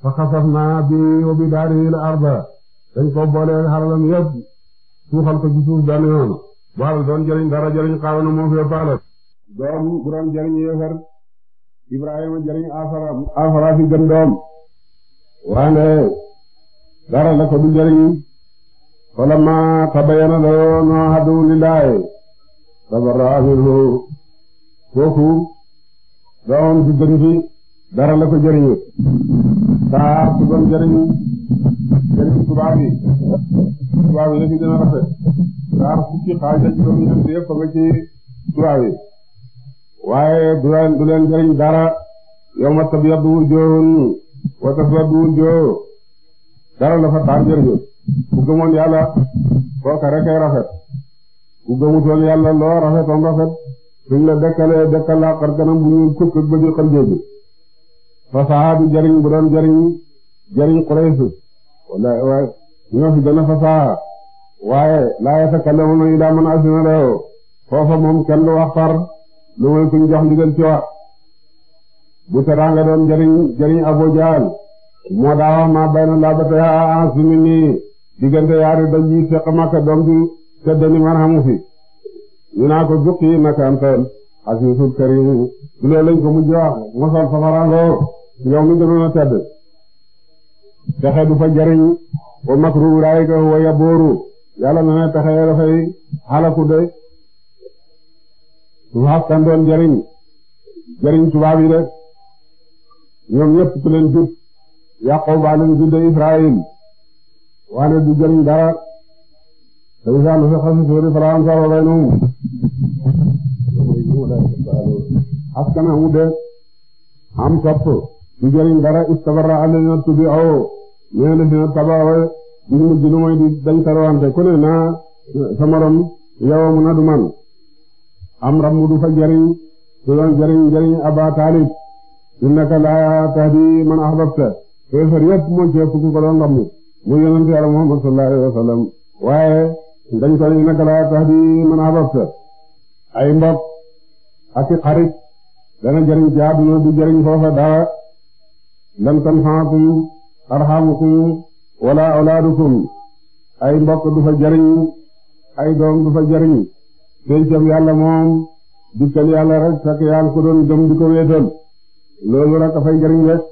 fa xasaf naa bi wa bi daaril arda dañ ko booleel xaralam yépp suuxal ko ci suuf benn yoon waxal doon jëriñ dara jëriñ xaaroona moo fi paale doom bu doon jëriñ yéefar Ibrahima jëriñ afara fi gën doom waande dara la ko du jëriñ falamma tabayyana lahu annahu aduwwun lillahi tabarra'a minhu kooku doomam ju gën ji dara la ko jëriñu saa su doon jëriñu jëriñ tubaab yi tubaab yi rafet saa fukki xaaj la ci doon yëpp yëpp nga waaye du leen du leen jëriñ dara yow ma tabyaddu wujuhun wa taswaddu wujuh dara la fa taar jëriñu bu gëmoon yàlla kooka rek ay rafet bu gëmutoon yàlla loo rafetoon rafet suñ la dekkalee dekkal laa xar kanam bu ñuy kukk ak bëgg xar géej fasaha jariñ bu doon jariñ jariñ Quraysh wala waaye ñoo fi dana fasaha waaye laa yatakallamuna illaa man azina lahu foofa moom kenn du wax far lu muy kuñ jox ndigal ci wax bu teraanga doon jariñ jariñ Abu Jahl moo daa wax ma bayna laabatayaa an minni diggante yaari doj yi seq Makka doom bi te dani man xamu fi naa ko jukki makantan asiisul karim du loolu lañ ko mujj wax mosal safarangoo yow mi gënoon a tedd pexe du fa jariñ wa makru ulaayika huwa yabooru yàlla na ne pexe ya dafay xalaku de su xaskan doon jariñ jariñ tubaab yi de ñoom ñëpp ku jub Yaqub a leen judde Israayil waane du jariñ dara te isaanu fi xasi suuri falaam saro baynum askan wi mu de am topp du jëriñ dara istabara allazina tubi'u ñoo leen dina tabaawee ñu mujj lu mooy di dañ sarwante ku ne naa sa morom yow mu na du man am ram fa jëriñ su doon jëriñ jëriñ Aba Taalib innaka laa tahdi man ahbabta feefar yëpp moo ci ëpp ku ko doon ngam mu Muhammad sallallahu wa sallam waaye dañ ko tahdi man ahbabta ay mbokk ak i dana jëriñ jaadu na du jëriñ foofa dara lan tanfa'akum arhamukum wala awlaadukum ay mbokk du fa jëriñ ay doom du fa jëriñ pencam yàlla moom dikkal yàlla rek fekk yàlla doon gëm di ko wéetal loolu rek a fay jëriñ rek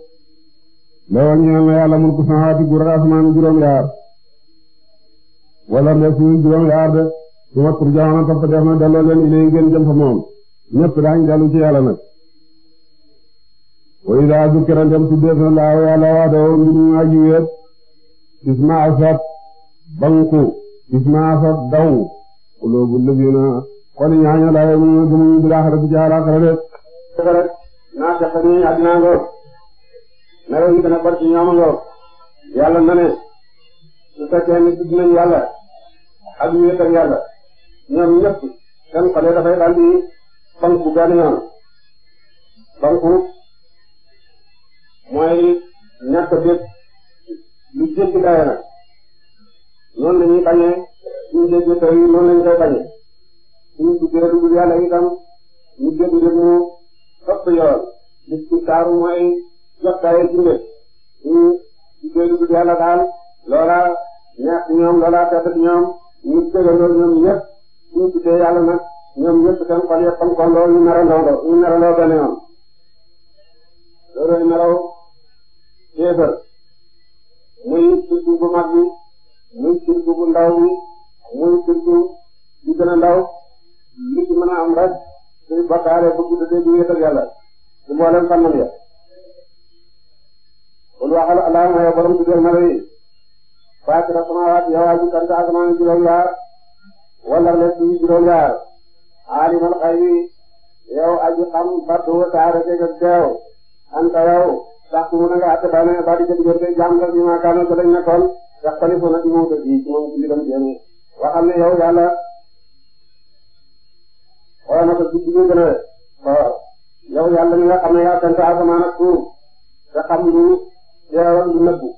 law ak ñeel na yàlla mulku samaawaati gu asmaan juróom-yaar wala ndeef juróom-yaar de su ma turjaana topp def na delloo ilay ngeen jëm fa moom ñëpp daañu dellu ci yàlla nag wa idaa dukkira dem tuddeef na laaw yàlla waadoo mbir mu aji wéet isma asat banku isma asat daw kuloobu lëbina kon ñaaña laaye mu ñu gëmuñu bi laaxara bi ci naa seqa ñuy àddina ngoog nelaw yi ci ñoom ngoog yàlla na ne su fekkee ni tudd nañ yàlla ak wéet ñoom ñëpp seen xale dafay daal di fanku benn yoon fanku mooy ñàkk bépp lu jéggi dayo nag noonu la ñuy bañee suñu jéggi taw yi noonu la ñu koy bañee suñu duggee dugg yàlla itam ñu jéggi mbir mu ëpp yoon li ci mooy jot dayo ci mbir suñu duggee dugg yàlla daal loola neex ñoom loola fekk ñoom ñu dëgëndoo ñoom ñëpp ñu tuddee yàlla nag ñoom ñëpp seen xol yëpp comme comme loolu ñu merandoo ñu merandoo benn yoon loolu meraw kéefër muy sirku bu mag bi muy sirku bu ndaw bi muy sirku bu gën a ndaw li ci mën a am rek suy bakkaare bu guddee di wéetal yàlla ci mboolem fànn ya kon waxal allahumma yow borom tuddee melo yi fàttali sama waat yow aji kanta asamaan juróom-ñaar wala la ci juróom yaar aalimal xaybi yow aji xam battu taara ke ak teew anta yow sax mu na nga atte bane ba di ko diggante jàmm la kaano ko dañ nekkoon yaxtalifu na ci moom dëgg yi ci moom ci mbiram jéem waxal ne yow yàlla xool na ko ci digg gën a waaw yow yàlla mi nga ne yaa sant asamaan ak suuf nga xam lu teewal lu nëbbu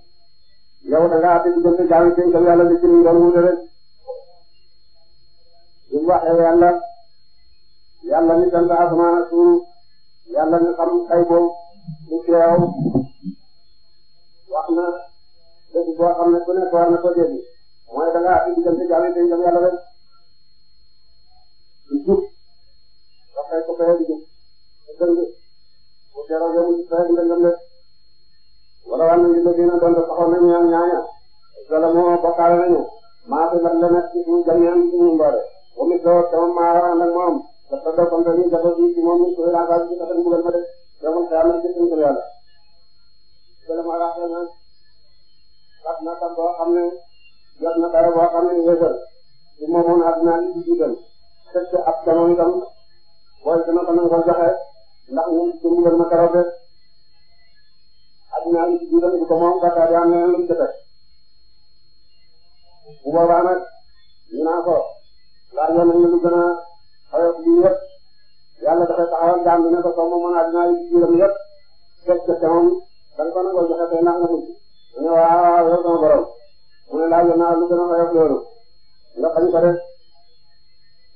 yow da nga atte diggante jàmm ci yàlla di ci doon wuute rek waxee yàlla yàlla mi sant asamaan mi xam xay boobu mu teew wax na dëgg boo xam ne ku nekk war na ko dégg mooy da ngaa fi diggante jàll yi dañu dem yàlla rek di jub waxee ko fee di jub di dëng mu teeroo yow mu fee ndëngam rek wala wàllu nji la gën a doon taxaw nañu ñaan ñaaña. dara maa fi lan la nekk ci suñu am ci wa mislahu sama maara ànd moom dafa doon dañuy defar fii moom ñu koy laaj ci kàttan bu gën ma def yow xëy na gis nañu ko yàlla. jërëjëf ma rafet boo xam ne jot na boo xam ne ñu ngi jël su ma mën a dinaa di jiital fekk ab jamono itam booy dina ko nangu ko joxe ndax ñun suñu gën ma keroog rek addinaa di jiital bu ko moom gàttal di am leneen lu mu jëfee bu boobaa nag ñu naa ko. waaye yàlla na lu gën a xayma lii yëpp yàlla dafay taxawal jaam bi ne ko comme mën naa dinaa yëngu yëpp fekk ca moom da nga ko nangoo joxe tey ndax nga dugg mu ne waaw waaw yow sama borom mu ne laaj naa lu gën a xayma loolu nga xañ ko def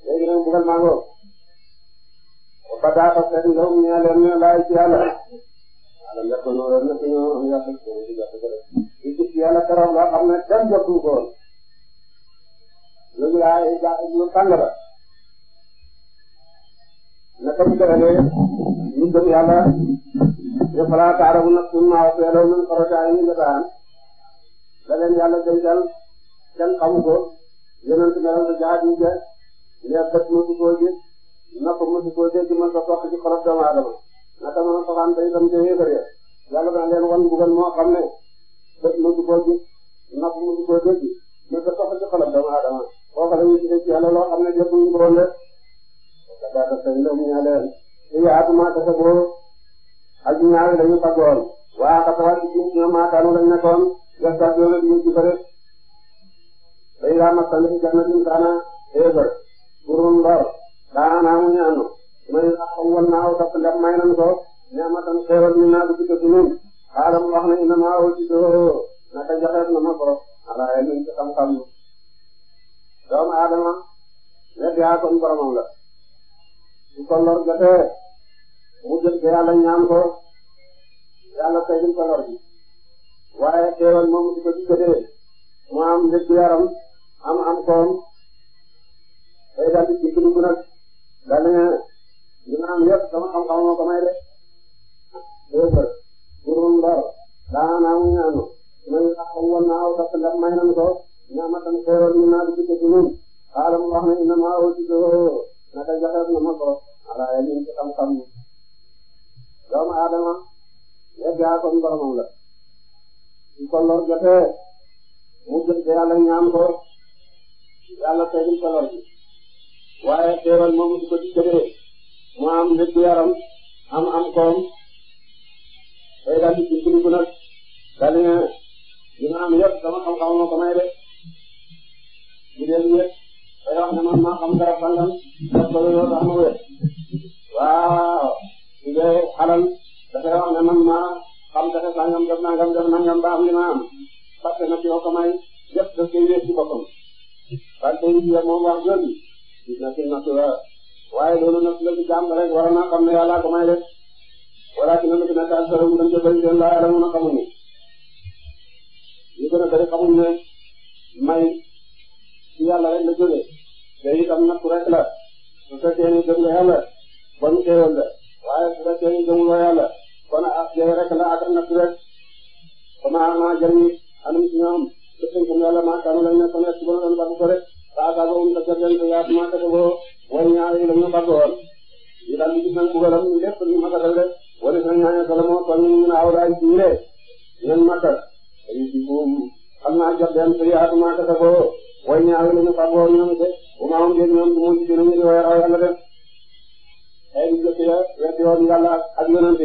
léegi nag bugal maa ngoo ba daa fas yéene ndaw mi ñu naan leen laaj ci yàlla yàlla njëkkoon wala njëkkoon ñoo am yàlla ci yàlla keroog loo xam ne kenn jotul ko woon loolu daal di jaaxle jiw tàng la naka mu defalee ñu gëm yàlla dafa laa taaragu nag suñu maa wax dëgg yàlla xorotaay yi nga daan da leen yàlla dencal kenn ko yeneen su mel ne jaxas yu jëm mais bët mosu koo gis nopp mosu koo dégg mën ko toq ci xorot doomu aadama naka mën a soxante itam te yéegal ya yàlla dana leen wan bugal moo xam ne bët mosu koo gis nopp mosu koo dégg mën ci xorot doomu aadama. foofu la ñuy gisee ci yàlla loo xam ne jotuñu ko woon de daanaka sëñ bi mu ñaareelu. te yaatu maa kese boobu ak la ñu wa waa Kasaar ci suuf ñoom Maataanu lañ nekkoon gëstoo yooyu la ñu ci bëri. day laa mos a nekk gànnaaw daana éegal. burum ndor daana naa mu ñaanu. may xawoon naa ko topp ndax may nañ ko. mais ma tam xéewal ñu naa ko ci ci ñun. xaaral wax na inna maa woo ci doo naka joxeet na ma ko. ala ay nañ ci xam-xam. doomu aadama weddi yaa kon boromam la su ko lor jotee mu jël te yàlla ñaan ko yàlla tegul ko lor bi waaye teewal moom su ko jotee mu am njëkk yaram am am koom day daal di jëkk dugg nag daal ne li ma am yëpp sama xam-xam moo ko naa aw sax ndax may nañu ko. naa ma mi naa di ci dëkk ñun xaaral mu wax inna maa woo doo naka joxeef na ma ko alaaya ñun ci xam-xam ni doomu aadama lépp yaa ko boromam la su ko lor jotee mu jot yàlla ñaan ko yàlla tegul ko lor bi waaye xéewal moomu du ko ci jëlee mu am lépp yaram am am koom day daal di dimbali bu nag daal di ne dina am yëpp sama xam ko may de. bu dee wet day wax ne man maa xam garab sangam def waaw bu dee xalal dafay wax ne man maa xam dafa sangam def nangam def nangam ba am li am parce que nag yoo ko may yëpp daf koy wér ci boppam. parce que yu moom wax jooju na si natt la waaye loolu nag la ci jàmm rek ne yàlla ko may wala ci loolu dina taal mu dem ca bëri seen laa yàlla mun a xamuñu ñu gën a bëri ne may. ci yàlla rek la jóge te itam nattu rek la su fekkee ni gëm nga yàlla bon xéewal la waaye su fekkee ni gëmuloo yàlla kon ak ah, jëf rek la ak nattu rek comme amaa jëriñ anam si ñoom te tënkum yàlla maa kaanu lañ ne ko nekk ci bon doon bàgg ko rek saa saa ba um sa jërëjëf yaa maa ko boo way ñaar yi la ñu bàgg woon ñu daal di gis nag bugalam lépp ñu ma ko def rek wala si ñaareel solo moo kon ñu ne aw daal di ñu leen ñan ma ko xam naa jot leen yaa maa ko boo. way ñaaw la ñoom de bu ma woon ñoom du mu gën a ñu di way raw yàlla def ay di jëkk ya wetti woon ya ñu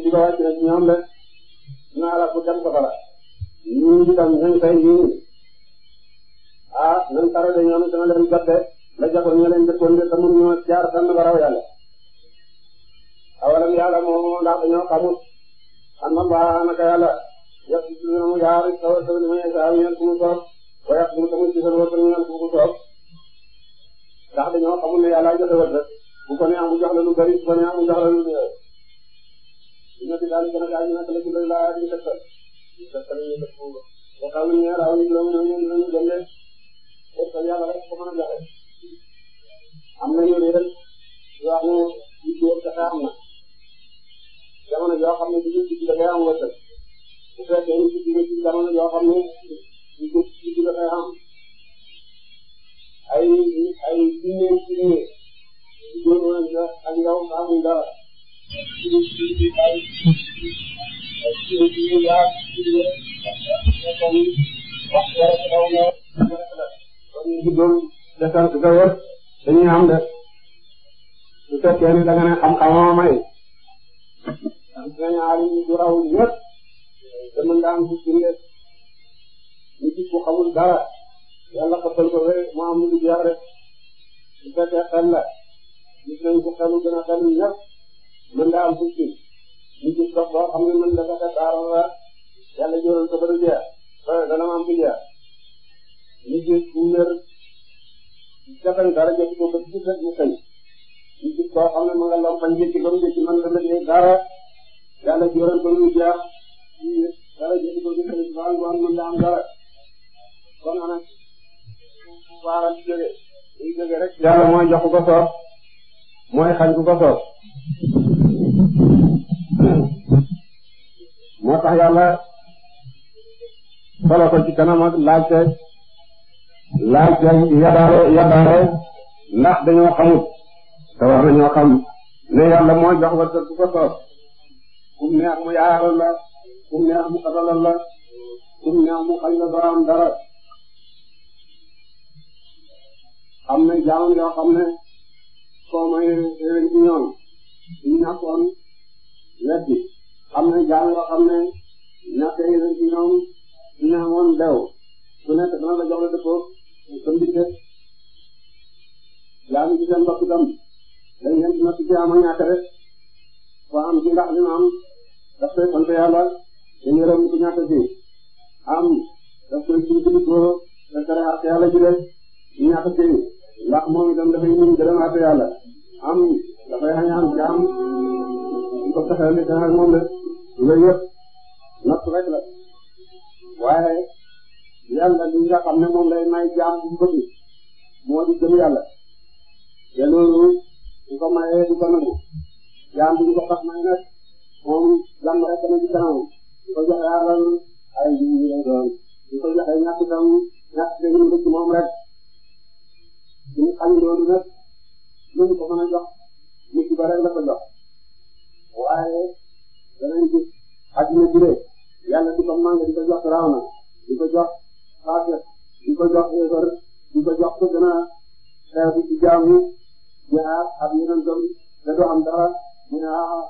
ci wàcc na ñoom de ñu ala ko dem safara ñu di tam ñu tay ñu ah nañ tarale ñoom dana leen jot de la jagoon ñu leen jëkkoon de tamul ñu jaar tan ba raw yàlla awalam yàlla moo ndax dañoo xamut an ma mbaa naka yàlla yëpp ci mu yaari sawa sawa ni may saa ñeen ku mu soob wala suñu tamit ci seen wërsëg ñu naan ko soob ndax dañoo xamul ne yàlla joxe wërsëg bu ko neex mu jox la lu bari bu ko neex mu jox la lu néew. li nga fi daal di gën a gaañ ñu nekk la ci bëri laa di def rek di def rek ñu def ko ba xam ne ñu raaw ñu loolu ñooñu ñu ñu dem leen def ko yàlla rek ko mën a joxe. am na ñu réer yoo xam ne ci biir dafa am na jamono joo xam ne ci biir da ngay am wërsëg bu fekkee ci biir jamono joo xam ne. ñu jëm ci biir dafay am ay ay junneeg junne yu jëloon nga ak ndaw xamul dara. ci biir ci biir ay ay junne junne yaag junne kon wax dara ci kaw nga kon ñu doon defar sa yëpp dañuy am de su fekkee ne danga ne xam-xamam may am na ñaari ñu raw ñëpp te mën nga am ci junne. ñu gis ku xamul dara yàlla xamal ko rek mu am lu dul yàq rek bu fekkee xel la ko xelu gën a xel ñëpp mën nga am tuuti ñu gis ko def aar la ko ba du jeex ba dana ma am lu jeex ñu gis ñu dara jot ko ba gis rek mu mu njëkk mën nga mën dara yàlla ko lu jeex dara jot ko ba du dara. kon nag waaram di jóge di mooy jox ku ko soob mooy xañ ku ko soob moo tax yàlla solo ko ci kanam ak laajte laajte yabaare yabaare ndax dañoo xamut te war nañoo xam ne ku ko soob kum neex mu yaaral la kum neex mu xatalal la kum neex mu xañ la dara dara. am na jaamam yoo xam ne soo mayee réew mi ñoom ñu ñàkkoon lekk am na jaam yoo xam ne ñàkk réew mi ñoom ñu ne woon dew su nekk dana la jox la dëppoo seen biddew yaa ngi ci seen bopp leen di natt rek foo am ci ndax li mu am daf koy sant yàlla dañu ci am daf koy suñ ko di ko def ko rek ak ji ndax moom itam dafay muñ gërëm àtte yàlla am dafay xañaan nga am ko taxal moom la yooyu yëpp natt rek la waaye yàlla li nga xam ne moom jaam jaam bu ñu ko moom jàmm rek dana ci kanam di ko joxe alal ay jiw itam rek. ñu xam loolu nag ñu ko mën a jox musiba rek la ko jox waaye danañ gis adduna bi de yàlla di ko màng di ko jox raaw na di ko jox faafet di ko jox école di ko jox ko gën a xeetu ci jaamu jaar ak ah, yeneen doom da doo xam dara ñu ne ah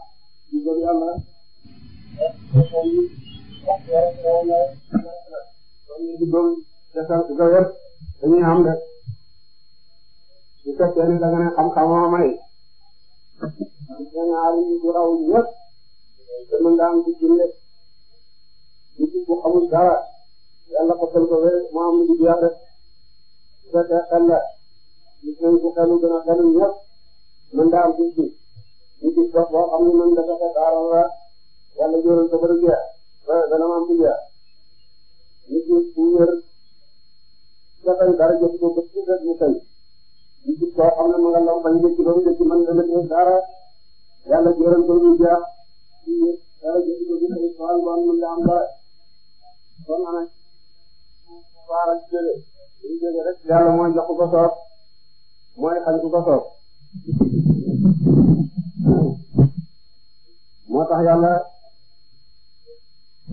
di gëm yàlla dañuy am rek bu fekkee ne da nga ne xam-xamam may ñaari yu raw ñëpp te mën nga am ci jënd nit bu xamul dara yàlla ko ko wér mu am lu jeex rek bu fekkee xel la nit ji nit ñi boo xam ne mën nga fexe dara la ko ba du jeex ba dana ma am lu jeex nit ba ci rek mu tey gis koo xam ne mu nga law bañ a ci doon dëkk mën nga def dara yàlla jëral ko ñu jeex dara jënd ko ñu ay soxal mu la am dara kon ana faara ci jóge ñu jóge rek yàlla mooy jox ko soob mooy xañ ko soob moo tax yàlla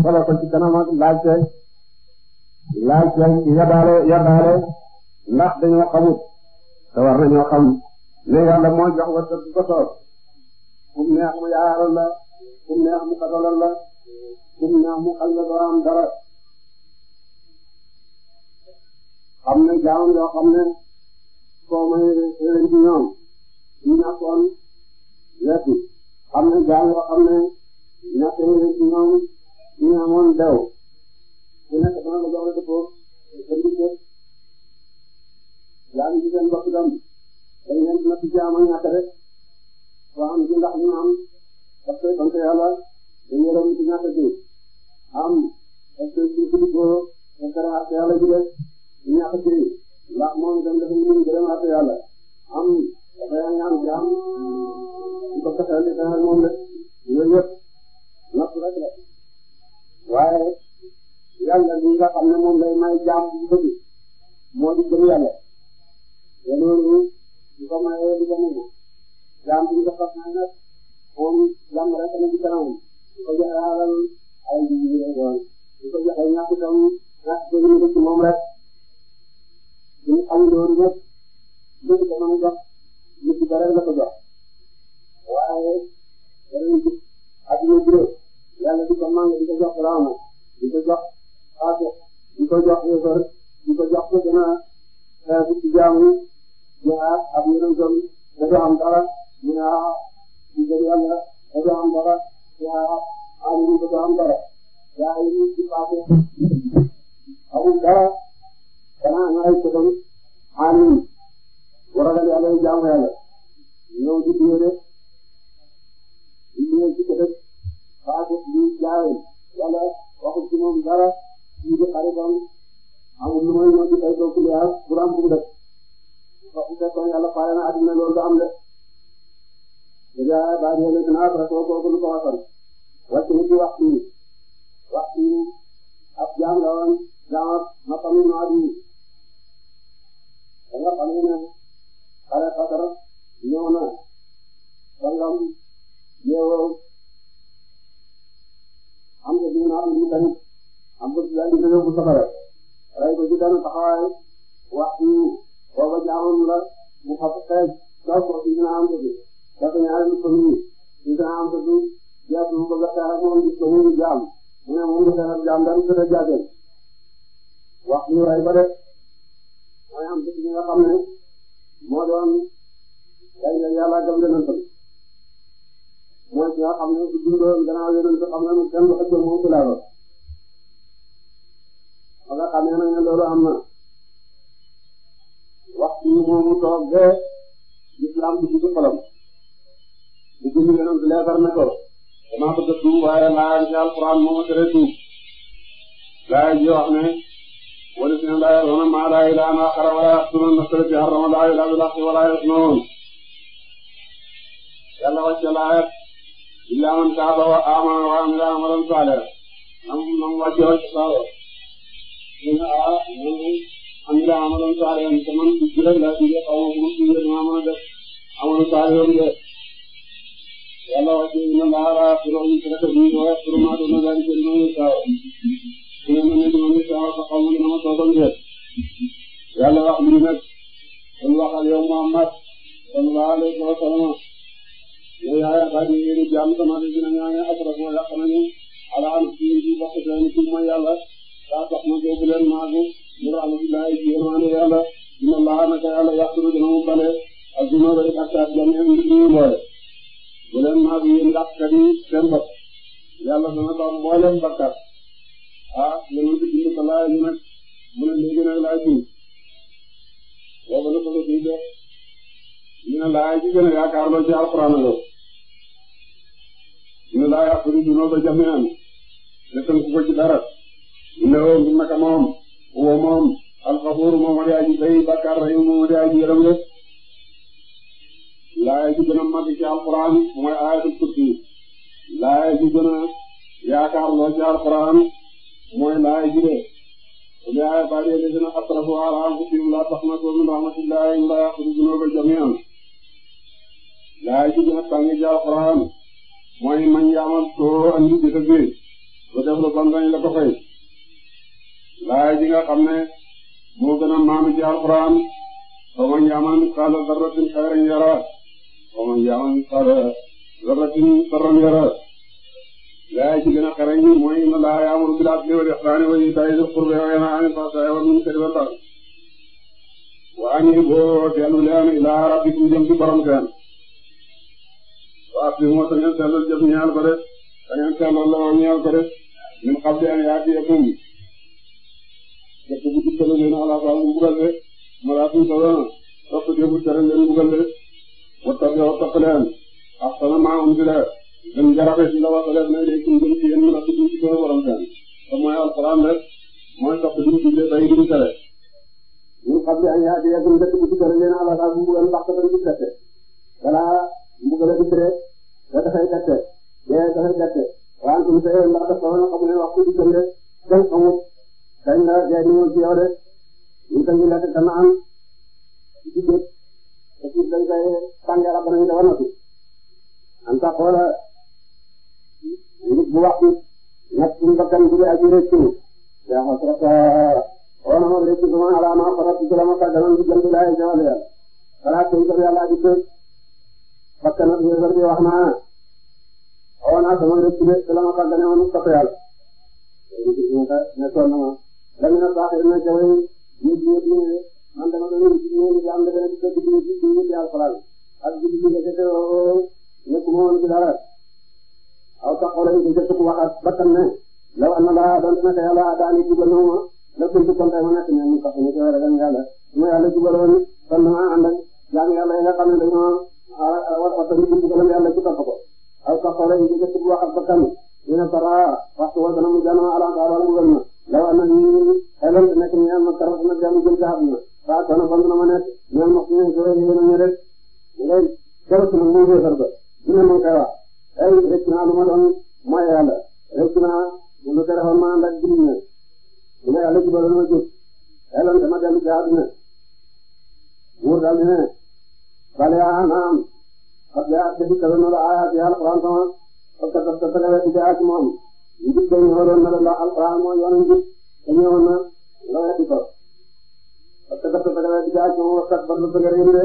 solo ko ci kanam ak laajte laajte yabaale yabaale ndax dañoo xamut te war nañoo xam ne yàlla moo jox wërsëg bu ko soob kum neex mu yaaral la kum neex mu xatalal la kum neex mu xal la doo am dara xam ne jaam yoo xam ne soo may leen ci ñoom ñu ñàkkoon lekk xam ne jaam yoo xam ne ñàkk leen ci ñoom ñu amoon dew ku nekk dana la jox la dëppoo yaa ngi ci seen bopp itam dañ leen di natt ci am ak ñàkk rek am ci ndax ñu am parce que sant yàlla dañu yoroon ji rek ñàkk bi ndax moom itam dafa ñu mën gërëm am dafay ñaan jaam di ko fexeel di fexeel moom rek yooyu la waaye yàlla li nga xam ne moom lay may jaam bu bëgg moo di gëm yeneen yi bu ko mayee du ko nangu jaam bu ñu ko fas may nag moom jàmm rek la ci kanamam bu ko joxe alal ay nji lay doon bu ko joxe ñàkk ko ci moom rek ko mën a ko jox waaye yeneen ko màng di ko ko jox paase di ko jox ko jox ko gën a ci ñu xaar ak yeneen zone yi da doon am dara ñu xaar ñu gëm yàlla da doon am dara ñu xaar xaalis bi da doon am dara yaa ngi nii ci paase amul dara danaa am ay coton xaalis war a demee amee jaamu yàlla ñëw di diwéere di diwéere ci côté paase bi jaawee yàlla waxul ci moom dara ñu ngi xaritam amul lu may ñëw ci ay doog ci liyaar pour am bu mu def. wax bu fekkoon na adduna loolu du am de déjà baa ngi leen gannaaw après kooku lu ko waxoon wàcc na ci waxtu bi waxtu jaam la woon jaam ma xam ne noor bi da nga xam ne xale Fatar ñëw na sangam yeewoo am na am lu tamit am na dina dina bu soxla rek ray ko ci dana taxawaay booba jaamoon la mu fas xeeb daw ko si dina am dëgg dafa ñaari lu ko nuyu si dina am dëgg jaatu mu bëgg a xeex ak moom gis ko muy jaam mu ne moom du xeex ak jaam dara dina jaateel wax ñu rey ba def mooy am dëgg nga xam ne moo doon day nga yàlla gëm yonent bi mooy ki nga xam ne su dundoon gannaaw yonent bi xam ne mu kenn du xëccoo moom ci laa ba nga xam ne nag loolu am na ñu moomu toog bee islam bi ci xolam bu bind yonent leetar ne ko damaa bëgg a tuub waaye laayam ci alquran moo ma tere tuub laayam ji wax ne wala si ne laayam wana maa laa ilaa naa xara wala yaxtuna nafsala ci harrama laa ilaa bil haqqi wala yasmaun yàlla wàcce laayam illaa man taaba wa aamana wa amila amalan saalihan nam nam wàcce wàcce saalo ñu ne ah ani la amaloon saareen te man ji rek laa tuddee xaw ma bu ma tuddee dama mën a def amaloon saareen de yàlla wax dëgg na laa raa si loolu si rek ñu wax pour maa doon daal di jël noonu saawa su ne ma ne noonu saawa sa xaw ma ne ma toogoon de yàlla wax mu nag kon waxal yow Muhammad sallallahu alayhi wa sallam yow yaa yaa di yéen jàmm sama de dina ñaa ne après moo yàq nañu ala am ci ci bokk seen ci mooy yàlla daa tax ma jóobu leen maagu muraale bi laa naka yàlla yàqulu dina mu bale ak yi ngi ñuy mboole bu leen maag yéen ndax kat ni ne léegi nag ko ci gën a la yi am te ne naka moom wa moom alxafuur moom a di aji bay bakkaar rahim moom a di aji yërëm lépp laaya ji gën a mag mooy ayatul kursi laaya ji gën a yaakaar loo mooy laaya ji de laaya bari alladina asrafu ala anfusihim la taqnatu min rahmatillahi inna allaha yaghfiru dhunuba jami'an laaya ji gën a tàng ci mooy man yaamal soo andi jëfëg bi ba def lu laaya ji nga xam ne moo gën a maanu ci alxuraan wa man ya'mal misqaala darratin xayran yara wa man ya'mal misqaala darratin sarran yara laaya ji gën a xarañ mooy wal ihsaani wa iitaa'i dhil qurba wa yanhaa 'anil fahshaa'i wal munkari wal baghi wa aniibu dellu leen ilaa rabbikum jëm ci borom seen waaw fi mu mos a ngeen min qabli an ya'tiyakum def bu gudd tere leen ala mu bugal de malaakum sawara ah, topp démb tere leen bugal de wattabi wa topp leen ahsana ma unzila gën jarafe si la wasaleef na ilaykum gën ci yéen mën a tudd ci seen borom seen te mooy alquran rek mooy topp li mu tuddee bay li mu tere ñu xam ne ay yaay gën dëkk bu tere leen ala mu bugal ndax dafa di tette wala mbugale di tere da dafay tette dee dafay tette waaye suñu sa yoon ndax dafa xamu ne wax ko di tënde kenn xamut kañ la gaa yi ñëw ci yow de ñu te ci dañ koy tàngal ak nañ dafa noppi en tout cas xoola nit bu waxtu nag suñu bakkan bi ak réccu yaa ko trop woon moom réccu bi alaama xarat ci ma ka dana ñu jëm laay jawal ya xalaat ko ko yàlla di tëj bakkan ak wéebar bi wax naa woon naa sama réccu de ci la ma ka dana woon ko yàlla ne toll na ma léegi nag baax na ca yooyu ñun ñëpp ñu ne man dama doon gis ñoom ñu am dafay def ci biir biir biir alxuraan ak biir biir biir kese wala nekkuma woon ci dara aw sax wala ñu jot ko waxaat bakkan ne law anna laa doon na ko yàlla daani jubaloon ma lépp lu ci kontaan ma nekk na ñu sax ñu koy ragal yàlla su ma yàlla jubaloon kon damaa ànd ak jaam yàlla yi nga xam ne dañoo ah, ah, war a tamit jubalam yàlla ci topp ko aw sax wala ñu jot ko waxaat bakkan ñu ne saraa waxtu wa dana mu jàmm alaaka wala mu gën na la wax nag ñu xelal nekk ñaan ma karoot na jàmm jëm ca àdduna waa kono kon na ma nekk ñoom wax ñu ko ñu ñu rek ngay karoot na muy wéefar ba dina ma koy wax ay rek naa lu ma doon mooy yàlla rek naa lu téléphone ma ànd ak julli na dina yàlla ci borom ma jóg xelal dama dem ca àdduna wóor daal di ne bale yaa naam xam yaa dëgg kaloon la aayaat yaa alquran sama parce que parce que moom ñu gis dañu waroon na la alquran mooy yoonu njub te ñëwoon na nga weddi ko parce que dafa bëgg a weddi ak moom sax ba lu bëgg a réer de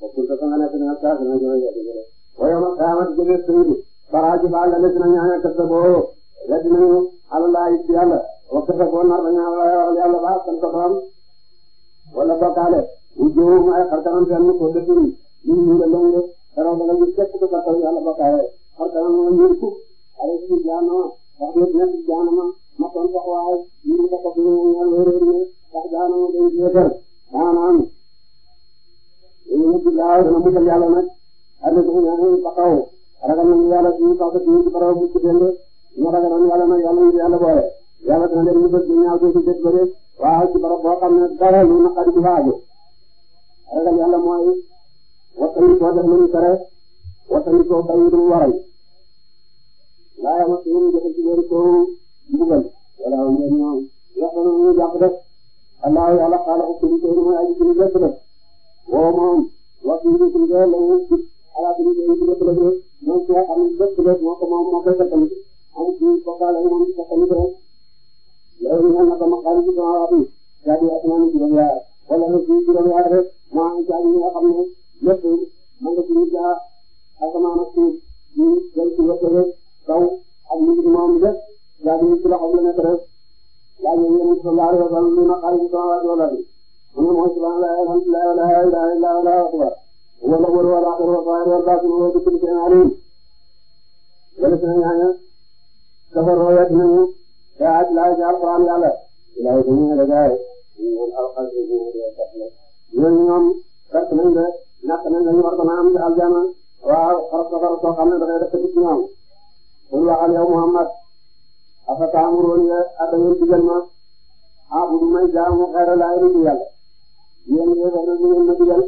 parce que dafa nga nekk na sax dina jëloon weddi bi rek waaye ma xaamat jëlee sëñ bi baraaju baal la dina ñaanal kese boo weddi nañu alalaay ci yàlla wa kese boo nar dañu wax yàlla ba sant ko borom wala bokkaale wu jëwum ay xarkanam seen ko dëkk yi ñun ñu nga lëng de dara dara ñu képp ko bokkaale yàlla bokkaale xarkanam ñu ngi ko ay ci jaanoo wax dëgg yàlla ci jaanama ma toll sax waaye ñu ngi ko fas yéene ñaar ne sax jaanama day jéegal maanaam ñu ci laaw dana musal yàlla nag ànd ak ñaari bakaw ragal nañu yàlla suñu sax suñu ci baraw bu ci dende ñu ragaloon yàlla nag yàlla ñu yàlla boole yàlla dana leen musal ci ñaaw ci jët ba waaye ci barab boo xam dara lu naqari du faaje ragal yàlla mooy wattandikoo def lu ñu tere wattandikoo bañ lu waral laa yamassuhum jotul ci leen kaw mbugal wala hum yarji'uun yaxtanuñu jàpp rek allah yàlla xaalaku kulli shay'in mooy aji suñu lépp la woo moom waxtu bi suñu koy lëkkal ci ala kulli shay'in lépp la de moom ci xam lépp la moo ko moom moo koy kattan am ci bokkaale moom ci kattan rek loolu ñaan na ko maqaari ci sama waat yi yaa di asmaan ci doon yaar wala rek ci doon yaar rek moo am ci ñi nga xam ne lépp mën nga suñu jaa asamaan ak suuf ñu jël ci lépp rek taw ak li ci moom lépp yaa ngi ci loxo bi la nekk rek yaa ngi leen di soxlaa rek ba mu nekk xarit sama waa Jolof bi mu ne mooy subhanallah alhamdulillah wala ilaha illa allah akbar wala wala wala akbar wa fa'ala wa ba'd wa bi kulli shay'in alim wala sama ñaana dafa royaat nañu yaa at laa ci alquran yàlla ilaahi ko ñu ne gaay ñoom alqas bi ñu ne kat la ñoom ñoom kat nañ de nak nañ lañu war ko na am ci aljana waaw xarab safara soo xam ne dafay def ci ñoom bul waxal yow Muhammad afataamuruun ya da ngeen digal ma a'budu may jaamu xayra laahi lu dul yàlla yéen yéefar yi ngeen ma digal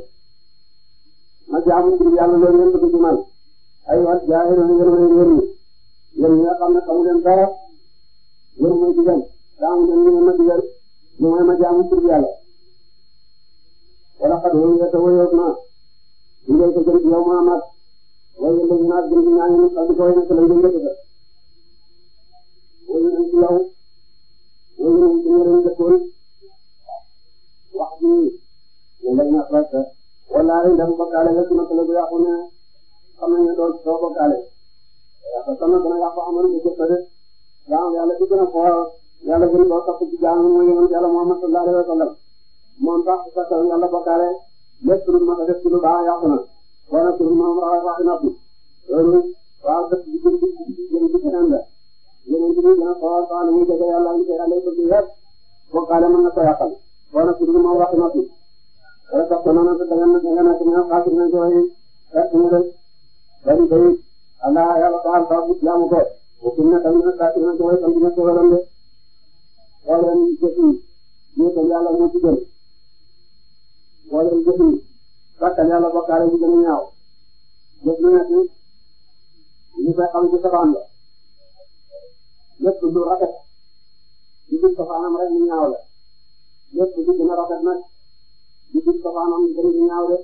ma jaamu ngir yàlla loolu ngeen bëgg ci man ayyuhal jaahiluun ngeen war a réer ñi yéen ñi nga xam ne xamu leen dara ngeen may digal jaamu ngeen ngeen ma digal lu may ma jaamu ngir yàlla wala xat woon nga te woyoot naa ngeen ko jëm yow Muhammad wala léegi nag gën ñu naan ñu xam sooy nekk lañ koy def wala nañ ci yow wala nañ ci ñeneen dëkkoon wax bi wala ñu wax rek wala ay ndax bokkaale rek ma ko yàqu ne xam nañ ne doo doo bokkaale waaw xam naa dana yàqu amoon na jot a def waaw yàlla ci gën a xool yàlla gën koo topp ci jaamu mooy yonent yàlla Muhammad sallallahu alayhi wa sallam moom sax sax yàlla bokkaale lépp lu ma ko def ci lu baax yàqu wala ci moom wax wax na ko loolu waaw dëkk bi jëm ci jëm ci kanam la yeneen bi dina xool xool muy jege yàlla ñu koy àndal ko ci yëpp bokkaale mën na ko yàqal wala ci moom wax na ko wala sax ko noonu da ngeen da ngeen a ñëw xaatir nañ ko yi rek ñu def bari bay Allah yàlla baal ba bu jaamu ko bu fi nekk ñu xaatir nañ ko way tam dina ko walam de wala ñu jëf ñu ko yàlla moo ci gën wala ñu jëf sàkkal yàlla bokkaale bu gën a ñaaw lépp lu nekk ñu koy xam ci safaan la lépp lu rafet lu dul safaanam rek ñu ñaaw la lépp lu gën a rafet nag lu dul safaanam gën a ñaaw rek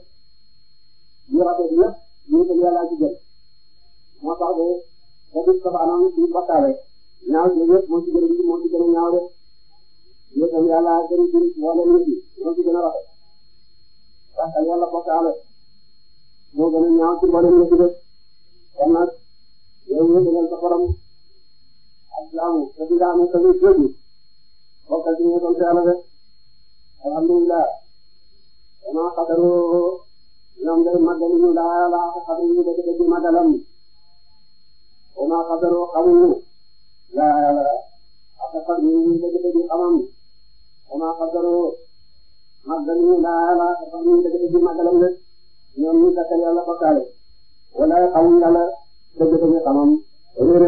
ñu rafet lépp ñu ko yàlla ci gën moo tax ba lu dul safaanam ñu bokkaale ñaaw ci lépp moo ci gën a moo ci gën a ñaaw rek ñu ko yàlla gën a gën wala ñu ci moo ci gën a rafet tax a yàlla bokkaale moo gën a ñaaw ci mboolem la ci def kon nag yow nga gënal sa borom ak laamu te di laamu sa biir dëgg bokkal ci ñu sant yàlla rek alhamdulilah dama xadaru ñoom day màggali ñu laa laa xadaru ñu dëgg dëgg màggalam dama xadaru xamuñu laa laa xadaru ñu dëgg dëgg xamam dama xadaru màggal ñu la la ñoom ñu dakkal yàlla bokkaale wala xamuñ yàlla dëgg dëgg xamam ko moo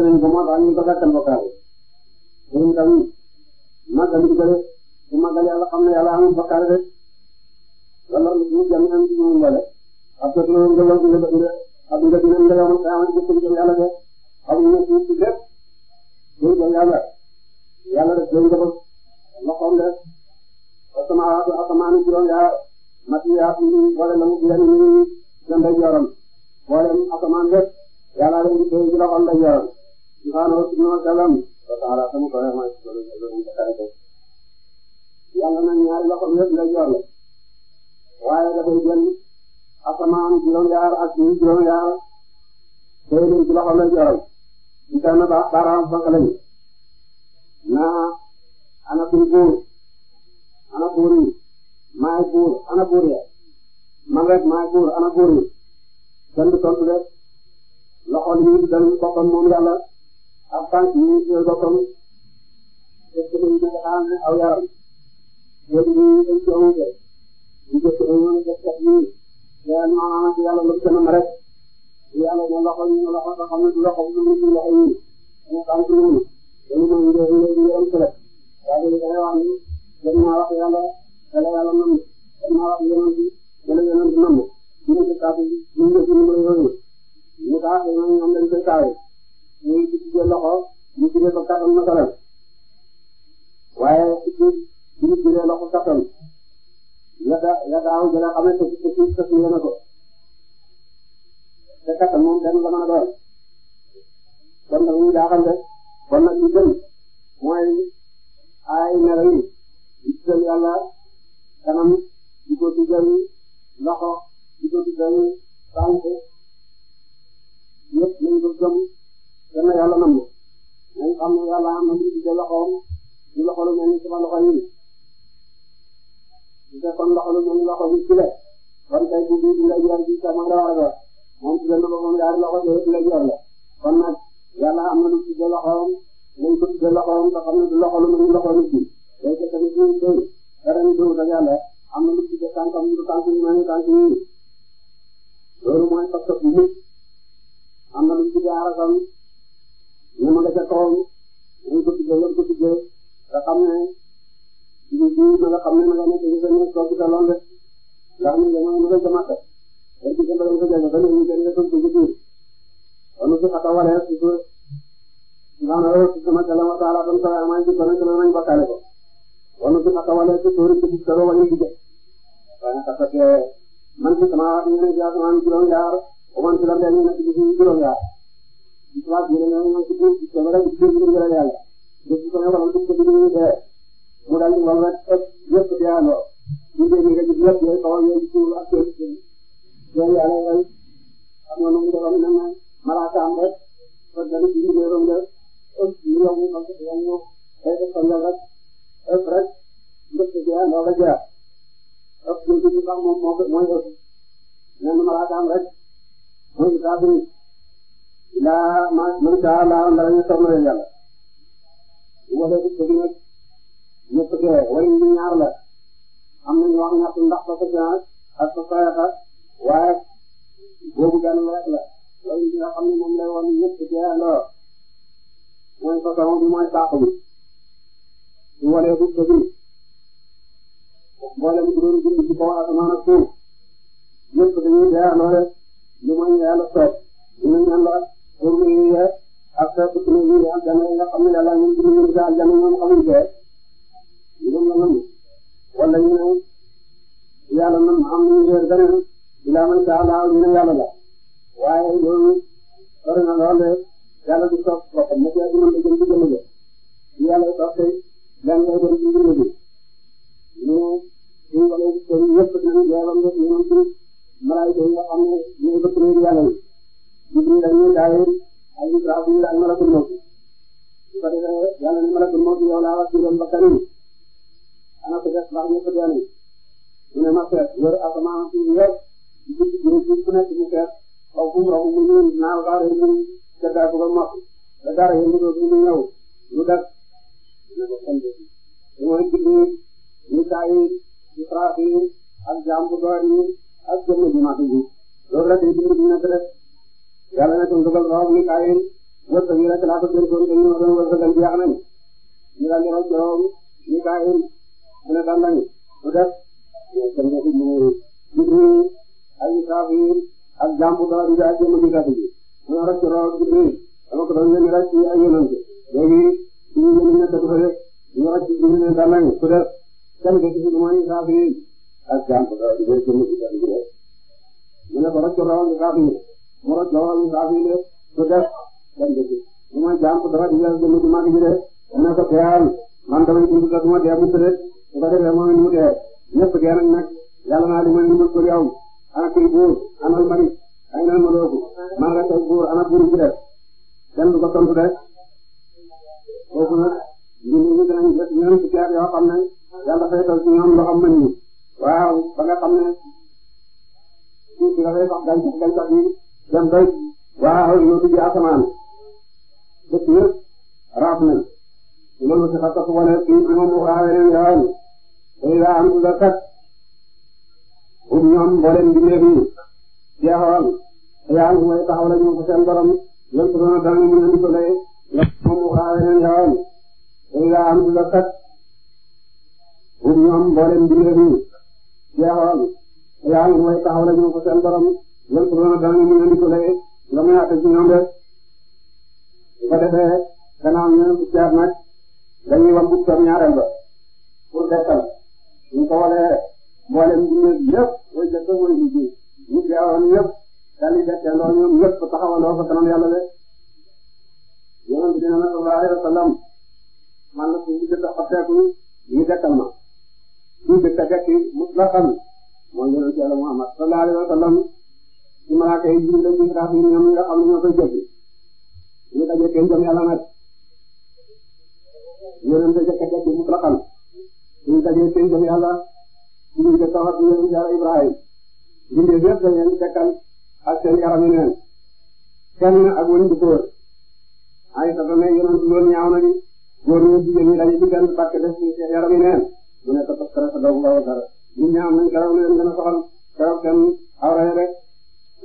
tax ñu ko dakkal bokkaale ñoom tamit màggal ñu bëre bu màggal yàlla xam ne yàlla amul bokkaale rek wala ñu jàmm am ci ñu mbole ab jot na nga war nga nga ab nga dina nga yow nga am ci jëm yàlla de xam ñu ci ci asamawaatu asamaan juróom yaar matiyaatu wala la mu biir nii la ndey jooram mboolem asamaan lépp yàlla leen di téye ci loxol ndey jooram subhaanahu wa sallam wa taala sama ko mooy yàlla na ñaari loxom lépp la waaye dafay jël baaraam fànq lañu naa ana suñu ana buur yi maay ana buur ya man rek maay ana buur yi kenn du tontu rek loxo li ñuy dal moom yàlla ak tànk yi ñuy jël boppam est-ce que dañu nekk xanaa ne aw yaram yi yaa ñu amaana ci yàlla lu gën a rek yàlla ñu loxo ñu loxo nga xam ne du loxo bu ñu ci loxo yi ñu tànk ñu dañu jot naa wax yàlla wala yàlla nangu jot naa wax yonent bi wala yonent bi nangu ñu ngi saa fi ñu ngi ci numéro yooyu ñu saa xëy na ñoom dañ koy saawee ñu ngi ci loxo ñu tuddee ko kattan masalan waaye ci ñu tuddee loxo kattan la daa la daaw gën a xam ne te te te tuddee na ko te kattan moom dañ la mën a doon kon nag ñu jaaxal rek kon nag ñu gën mooy ay melo yi. tuddal yàlla kanam di ko tuddal loxo di ko tuddal tànk ñëpp nañ ko gëm dana yàlla nangu nañ xam ne yàlla am na lu tuddal loxoom di ni di fekkoon loxo lu mel ni kon tey bu di la jor bi sama la war a def moom tuddal na ko moom yaari loxo di la jor la kon na lu tuddal loxoom nañ ko tuddal loxoom nga xam ne du loxo léegi tamit ñun béy beneen bi dugub yàlla am na lu ci des tànkam lu tànk yu mel ni tànk yu loolu mooy pas-pas bu nit am na lu ci des aaragam ñu mën a ca kawam ñu ko tuddee yëpp ko tuddee nga xam ne jiw jiw bi nga xam ne nga nekk ci sa nekk toog ci sa lool rek nga xam ne dañoo mën a jëmaat rek dañ ci jëmbalee nga jëlee ba léegi ñu jëlee ko ci biir kon su xata walee su su maanaam su ma jëlee ma saa la ba mu saa la ma ci bëri ci la nañ bakkaale ko. wala su naka wala su tóori ci dara wala di jëf waaye nag parce que man ci sama waat ñu ne ci asamaan juróom ñaar ba man ci la mbéy mi nekk ci suñu juróom ñaar ci tubaab bi dañoo ñëw ci biir ci sama rek ci biir ngir ngir yàlla def ci sama walam ci ci biir de mu daal di wal rek ak yëpp di àndoo ñu dee ni rek yëpp yooyu xaw yooyu ci suñu ak yooyu ci yooyu yàlla yooyu am na nu mu defam na malaakaam rek kon dañu ci biir réew mi rek ak ñu yow mu xam ko yow mu rek ak rek ëpp rek njëkk a jeex ndaw la jeex ëpp tuuti bi sax moom moo koy mooy ëpp lenn malaakaam rek mooy kaafiri laa ma man caa laa ndara ñu soxla leen yàlla wala du ko nag ñëpp kee wala ñu ñaar la am nañu wax ñett ndax sa séance ak sa sayaxa waaye boobu benn rek la wala ñu nga xam ne moom lay woon ñëpp kee alors mooy façon bi mooy saako bi. waneeku sa biir mboolem bi doon bind ci kaw asamaan ak suuf ñëpp dañuy jaayaloo rek lu mooy yàlla soob dinañ ñaan la pour mu yee ak sa kër yi ñu aljana yi nga xam ne yàlla ñu bind ñu ci aljana ñoom xamuñ fee ñu dem la nangu wala ñu ne yàlla man am nañu weer beneen ilaa man saa laa ñu ne la waaye loolu sori na lool de yàlla du soob boppam na ci adduna la jëm ci jëm la yàlla soob tey lan ngay dem ci mbir mi ñu ñu wala seen yëpp dinañ leeral nga ñoom ci malaayika yi nga xam ne ñooy bëgg réer yàlla yi. Jibril ak Mikaayil ak Israafil ak malakul mawt su ko defee yàlla ne malakul mawt yow laa wax ci doon bakkan yi ana ko def baax ñëpp doon ñu ne ma seet wër asamaan ci yëpp ci ci ku nekk mu seet aw fu mu romb mu ñëw naaw baax rek mu jëndaa ko ba mokk ba dara yëngu dootul mu ñëw lu des dina ko sant dina bind misaa yi israaf yi ak jaam bu doon yi ak jëmm ji maatu ji loolu rek day bind dina ko def yàlla na ko dugal roog misaa yi wërsëg yi rek laa ko gën doon dañu ma doon wërsëgal jeex nañ ñu daal di roog juróom misaa yi mu ne daan nañu mu def jëmm ji mu jibril ak israaf yi ak jaam bu doon yi ak jëmm ji maatu ji mu ne roog juróom jibril dama ko doon yónni rek ci ay yónante léegi ñu ne ko def ñu wax ci ñu ne daal lañu ko def kan ko ci mooy saaf yi ak jàmm daal di bëri kenn ci kan bi ñu ne ko rek rawal saaf yi mu rek rawal saaf yi def ko def kan ko ci mu mooy jàmm dara di yàlla gën ci màgg ji de ne ko teyaan man damay dund sa duma dee mu tëdd su ko defee moom ni mu dee ñëpp dee nañ nag yàlla naa di may ndimbal ko yow ana kuy buur ana mari ay nan ma doogu maa nga tey buur ana buur bi de kenn du ko tontu de foofu nag ñun ñu danañ def ñoom ci caar yoo xam ne yàlla feetal ci ñoom loxo mën ñi waaw ba nga xam ne suuf si dafay sax gàncax gàncax yi dem bay waaw yóbbu ji asamaan dëkk yëpp raaf nañ loolu si xasatu wane fii ci moom waaw yeneen yaay tey daa am tuuti kat ut ñoom mboolem bi léegi jeexoon yaa ngi may taxaw la ñu ko seen borom lépp doon danañ mën a dimbalee. moom mu xaaral leen xewal tey daa am la kat pour ñoom yi jeexoon yaa ñu ko seen borom yéen su doon a daan ñu leen di tuddee nga muy àtte ci ñoom rek bu ko defee gannaaw ñoom jaar nag dañuy wam bu toog ñaareel ba pour dekkal ñu ko walee mboolem mbindeef yëpp way jëkk way ñu jeexoon yëpp daal di dekkee loolu ñoom yëpp taxawaloo ko kanam yonent bi dina ne sallallahu alayhi wa sallam man la suñu jot a xotteeku ñu dekkal ma suñu jot a dekk mutlaqan mooy yonent yàlla Muhammad sallallahu alayhi wa sallam ci malaaka yi jiw lañu xaar ñu ñoom ñi nga xam ne ñoo koy jëfi ñu daje kenn jëm yàlla nag yonent bi jot a dekk mutlaqan suñu daje kenn jëm yàlla suñu jot a wax yonent yàlla Ibrahim bindee yëpp dañ leen dekkal ak seen yaram yu neen kenn ak wëñ bu góor ay sa soxna yéen loolu ñaaw na ni góor ñi jigéen ñi dañuy digal parce que def ci yaram yi neen mu ne ko sa sa doom nga dara ñun ñaaw nañ keroog lu leen gën a soxal keroog seen awra rek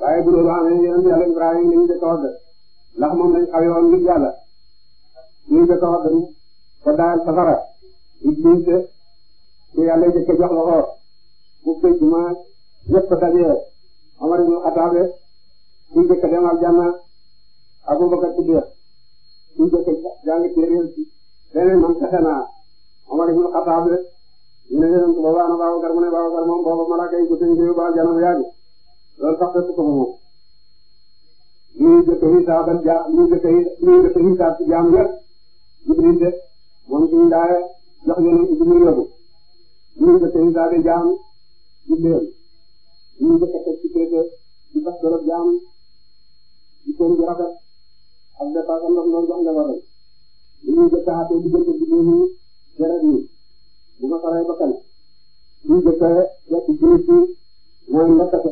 waaye bu loolu amee yéen yàlla Ibrahima ñu jëkk a wadd ndax moom lañ xawee woon ngir yàlla ñu jëkk a wadd ko daal safara iblis ku yàlla jëkk a jox loxo bu fekk ma ñëpp dajee Omar ibn Khattab ku jëkk a dem aljanna Abubakar Siddiq suñ ko teg jàng téeréel ci man fexe naa Omar ibn Khattab rek ne yonent ba baax na Babacar mu ne Babacar moom booba malaaka yi ko sëñ bi ba jana bu yàgg loolu sax fekk ko fa moom ñu jëkk xisaab ak ja ñu jëkk ñu jëkk xisaab ci jaam yëpp Jibril de moom suñu daaya jox yonent Jibril yóbbu ñu jëkk xisaab ci pété di tax dërëb jaam di ak dépense am na loolu jox nga ko rek li ñuy jëkk a xaatee diggante bi ñuy deret ñi bu ko paree ba kan ñuy jëkk a jot jiw ci mooy ndekete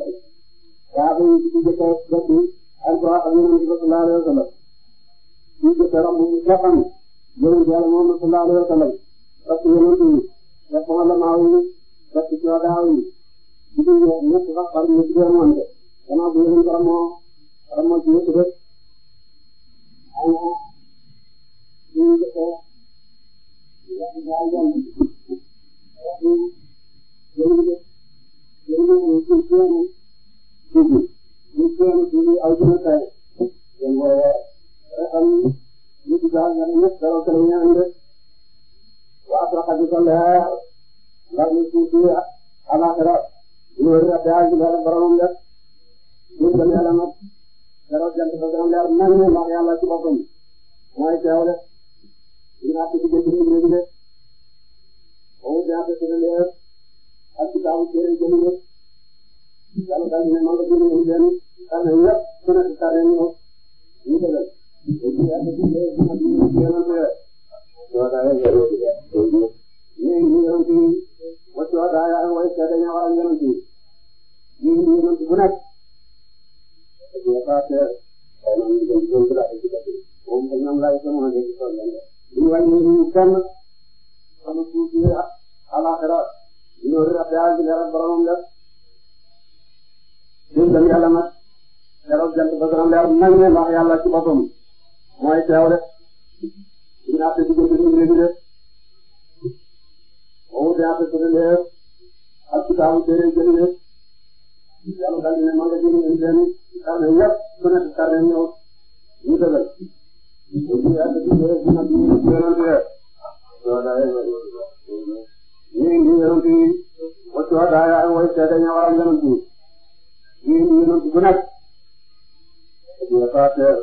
yaa ngi koy ñuy jëkk a jot alquran ak yonent bi sallallahu alayhi wa sallam ñuy jëkk a romb nga xam yonent yàlla moom sallallahu alayhi wa sallam parce que yonent yi def ko la maaw yi def ci coodaaw yi di ñëw ñëpp sax par ñu di leen wante gannaaw bi yonent ramoo ramoo ci ñëpp rek a keroog jant ba gën a leer nañu ndax yàlla ci boppam mooy teew de ñu naan ci diggante ci biir de boobu dinaa fekk ne leer ak ci taabu téere jënd yëpp yàlla daal ne man la gën a yëngu leen xam ne yëpp ku nekk saa leen ñëw ñu dëgal te bu yàgg ci leer bi nag ñu ngi gën a leer. wàccuwaataay ak yàlla ñu ngi yonent yi wàccuwaataay ak way seede ña waral yonent yi ñu ngi yonent bu nekk. ak kitaabu téere jëli yàlla daal di ne maa ngi leen di leen xarala yëpp ku nekk xarala ñëw ñu dëgër. bu dee ak bu dee bu nekk ñu ngi yorante rek. ñu ngi yorante yi waccu wa daay ak way seede ña waral yorante yi. ñu ngi yorante bu nekk. bu dee saa seer.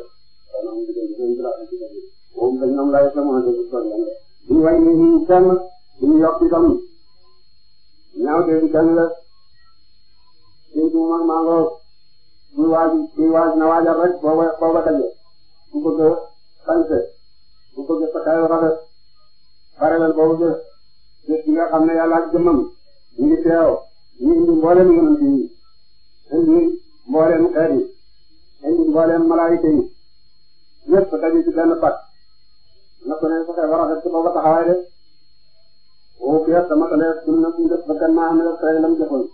moom dañ ñoom laay sama dëgg soxla. ñu way ne ñu kenn ñu yokk itam ñaaw de kenn la. ñu ngi mag maa ngoog. muy waaj muy waaj na waajal rek boo ko boo ko daggee ku bëgg a sañse ku bëgg a saxee rafet paralel boobu bés bés bi nga xam ne yàlla ak jëmmam ñu ngi teew ñu indi mbooleem yonent yi indi mbooleem xeet yi indi mbooleem malaayika yi ñëpp daje ci benn pat na ko ne saxee rafet ci boo ko taxawaay de woo fiir sama talee sunna suñu def ba gannaaw am na rek lam jëfoon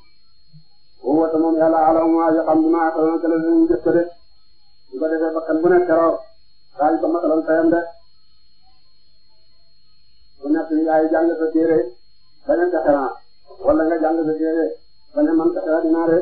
wa ta moom yàlla alamu aji xam bi ma ataloon te la ñu jëf ko de bu ko defee bakkan bu nekk keroog daañu ko matalal tayam sa téere ba ne taxara wala nga jàng sa téere ba man taxara dinaa de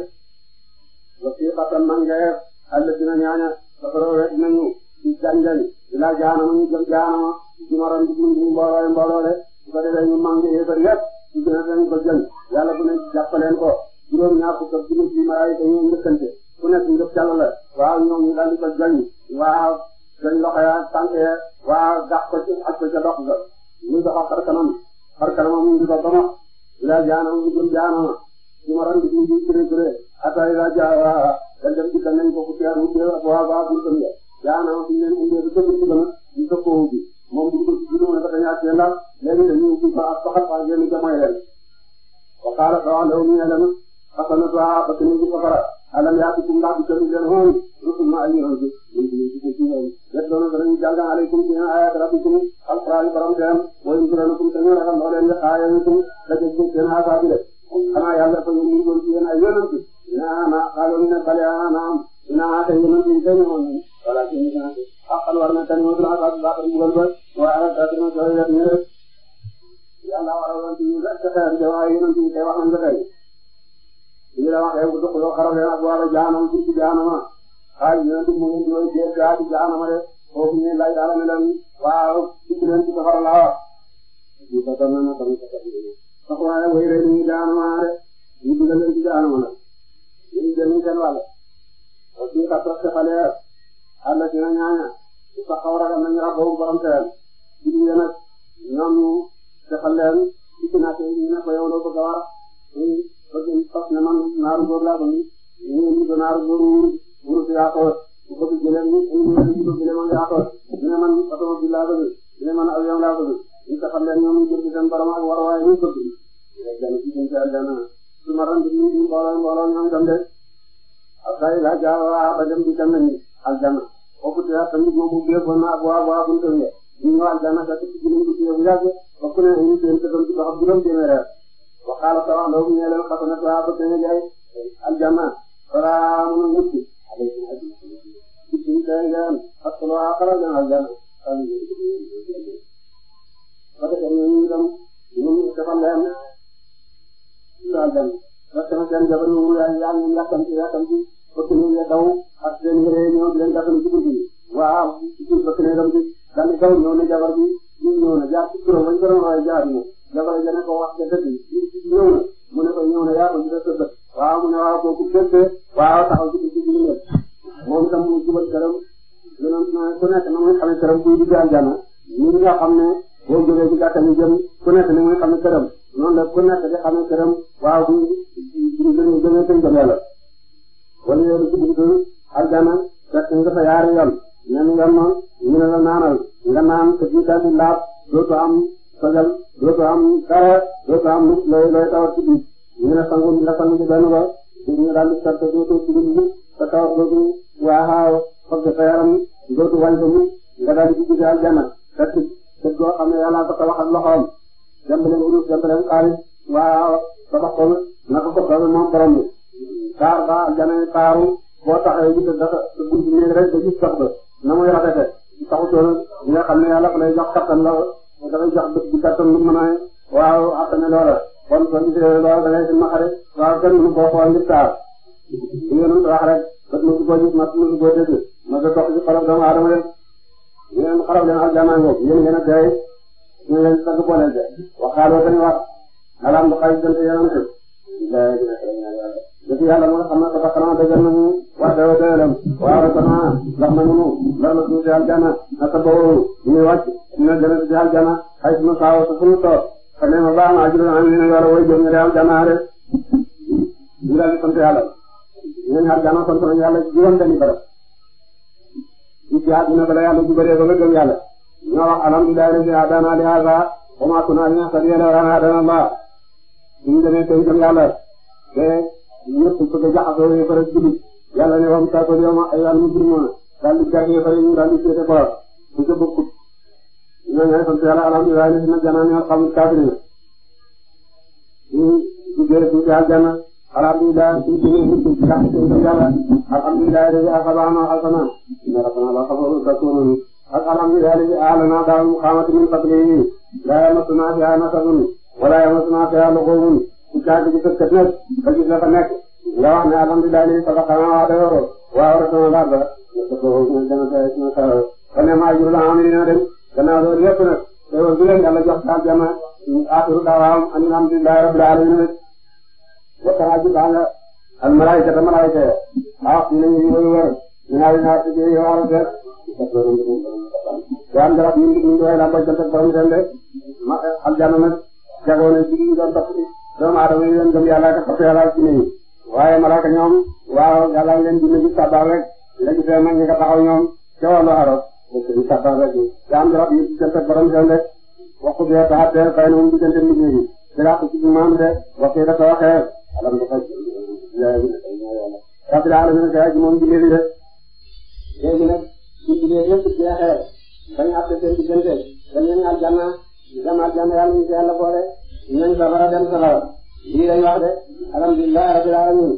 wa fii xatan man ngayeef àll dina ñaaña safaroo rek dinañu ci jàngal ila jaanama ñu jëm jaanama ñu maroon di dund mbooloo mbooloo de bu ko defee ñu mang yéefar yépp ñu gën a leen ko jël yàlla bu ne jàppaleen ko juróom ñaar fukk ak juróom ci malaayika yi njëkkante ku nekk ngëp jàll la waaw ñoom ñu daal di ko joñ waaw joñ loxo ya tànk ya waaw dàq ko ci ak ko ca dox a muy dox xar kanam xar kanam mu ngi ko bama ila jaanam mu jëm jaanama su ma rand bi di kuré kuré ata ila jaa dañ dem dikkal nañ ko ku teer mu teer ak waa baa buntam ya jaanama leen indee du dëgg ci gëna ñu dëkkoo bi moom bu dugg ci dugg na ko dañaa cee laal léegi leen fasanatuha ba keneen ci safara alam yaatikum ndax du tamit leen xool rusulna ay yoon bi ñun ñu ci ci ñoom def doon dañu jàngal alaykum ci ayat rabbikum alquran borom seen mooy ñu doon kum tamit raxam loo leen def aaya yikum da jëg ci seen aasa bi de xanaa yàlla dafa ñu ñu doon ci yéen ay yonent ina ana xaaloon ne bale ana am ina aata yonent yi dañu woon wala ci ñu naan xaqal war na tani wala aasa ba ko ñu ba wa ala tadina joy ya ni yàlla wara woon ci ñu rek ta xaar de waaye yonent yi tay wax nañ ko tay la waxee bu dëkk yoo xarale ak wala jaanam ci ci jaanama xaalis dina dugg mu ngi doon jéem gaa ci jaanama de foofu ñu laaj dara ne leen waaw ci leen ci safara laa wax. ñu ko sonn na tamit safara yi. sax waaye way rek ñu jaanama de ñu dugal leen ci jaanama nag ñu jëlee seen wàll. parce que kat trop defalee ak àll ci na ñaaña su sax xaw ragal nañu rabbu borom teel. ci biir nag ñoom ñu defal leen ci naaj yi ñu ne ko yow doo ko gawar. bëgg nit fas ne man naaru góor laa bëgg ñu ñu do naaru góor wurus wurus laa ko bu bëgg jëlee nit ñu ñu bëgg jëlee man laa ko ñu ne man oto bi laa bëgg ñu ne man avion laa bëgg ñu taxal leen ñoom ñu jël seen borom ak war waaye ñu bëgg jël dañu su ma ran ñu ñu mbooloo mbooloo ñoom tam de ak day la jaawa ba dem di tam ko ko yaa tamit mo bu bee ko na ak waa waa buntu ñu aljana ka ci ñu bu yàgg ko ne ñu seen ko ci ba juróom waxaala sa wax ndaw bu ñu leen fàttali ne waaw ba tey jaay aljanna balaa mun a wuti wuti bi tey nga am parce que waa xalaat na aljanna ba tey ñu ngi dem ñu ngi defal leen ñu aljanna parce que seen jabar ñu ngi yaa yaa ngi yàqam ci yàqam ci parce waaw ci biir parce que ne na jabar bi ñu na dafay gën a ko wax ca dëgg mu ne ko ñëw na yaa ko gis sa bët mu ne waaw kooku gerte waaw taxaw ci biir bi ngeen moom itam mu jubal këram yonent na ku nekk na muy xamee këram kuy dugg ne boo jógee ci gàttal ñu jëm la ku nekk di xamee këram waaw bu ñu jëm jëmee seen jëm yàlla wala yow ci biir aljana fekk nga fa yaari yoon ñenn yoon ma ñu ne la naanal nga naan te jiital di laab dootu am. sagal dootu am dara dootu am looy looy tawat ci biir ñu ne sangu nga sangu ci benn ba ñu daal di seetlu dootu ci biir sa tawat dootu waaxaaw foog sa yaram dootu wàññi mu nga daal di dugg aljanna fekk fekk boo xam ne yàlla ko tabax ak loxoom jàmbaleem urus jàmbaleem xaalis waaw tabax ko na ko ko tabax moom borom bi taar ba aljanna taaru boo taxee gis dafa bunt néeg rek da gis sax ba na muy rafete taxu toon nga xam ne yàlla fa lay jox kattan la dafay jox bët bi kattan lu mën a waaw attane loola kon soo gisee loolu da ngay si maxare waaw kenn mënu koo xool ngir taar yéen wax rek bët mësu koo gis mat mësu koo dégg mësu toq ci xarab doomu aadama rek yéen xarab leen aljanna ngoog yéen yéen a tey ñu leen sag booleel de waxaaloo dañu wax alam du xay sant yéen a tëj. yàlla moo xam ne dafa xanaa dëggal na mu wax dëgg doyalam waaw sama ndax ma nu mu ndax ma suuf si aljana naka boobu ñu ngi wàcc dina jëlee si aljana xëy na saawa sa suñu tool xam ne ma baax na ajurana am na yore way jëm ne aljana rek ñu daal di sant yàlla ñooñu aljana sant nañu yàlla juróom benni barab ci àdduna bala yàlla ju bëree ba nga gëm yàlla ñoo wax alhamdulilah rabbi hadana li hada wa ma kunna linahtadiya lawla an hadana Allah suñu demee tey gëm yàlla te ñëpp bëgg a jaxasoo yëpp rek jullit yàlla ne wam tàggat yow ma aywa al-mujrimuuna daal di gàddee fay ñu daal di féete borom bu ca bokkut ñoo ñooy sant yàlla alhamdulilah li fi na janaa ñu xam kaafiriin ñu duggee suuf si aljanna alhamdulilah suñu suñu suñu gàtt suñu yàlla alhamdulilah li fi asabaana alsanaan inna rabbana la xafaru shakuurun ak alhamdulilah li fi aalana daal mu xaamati min fadlihi laa yamassunaa fihaa nasabun wa laa yamassunaa fihaa luguubun ku caag gi sëkkat nag ba gis la fa nekk nga wax ne alhamdulilah lii sadaqa ma wa'ada wa awrasana al-arda ñu dana sa suñu xarala kon nag maa ngi jublu am nañu dem gannaaw loolu yëpp nag teewul bi leen yàlla jox sa jàmm aaxiru daawaam alhamdulilah rabbil alamin al malaayika te malaayika ya ah ñu ne ñu ngi wër ñu naan ñu naan suñu yow aar seet yaa ngi dara ñu ngi ñu ngi waaye daal booy jot ak borom dem de ma aljanna nag na ci ñu doon topp doomu aadama yi leen gëm yàlla ak topp yàlla ci waaye malaaka ñoom waaw yàlla leen bind di sabal rek la gisee man ñi nga taxaw ñoom ca wàllu aros dëkk bi sabal rek te am drap yi diggante borom jënd rek waxtu bi dafa teel fay na mu diggante liggéey bi dinaa ko ci maam de waxtu yi dafa waxee alam dafa rabbil alamin kay aji moom jigéen de léegi nag ci jigéen yëpp jeexee bañ àtte seen diggante dañ leen aljanna dem aljanna yàlla ñu ci yàlla boole ñooñu safara dem safara lii lañ wax de alhamdulilah rabbil alamin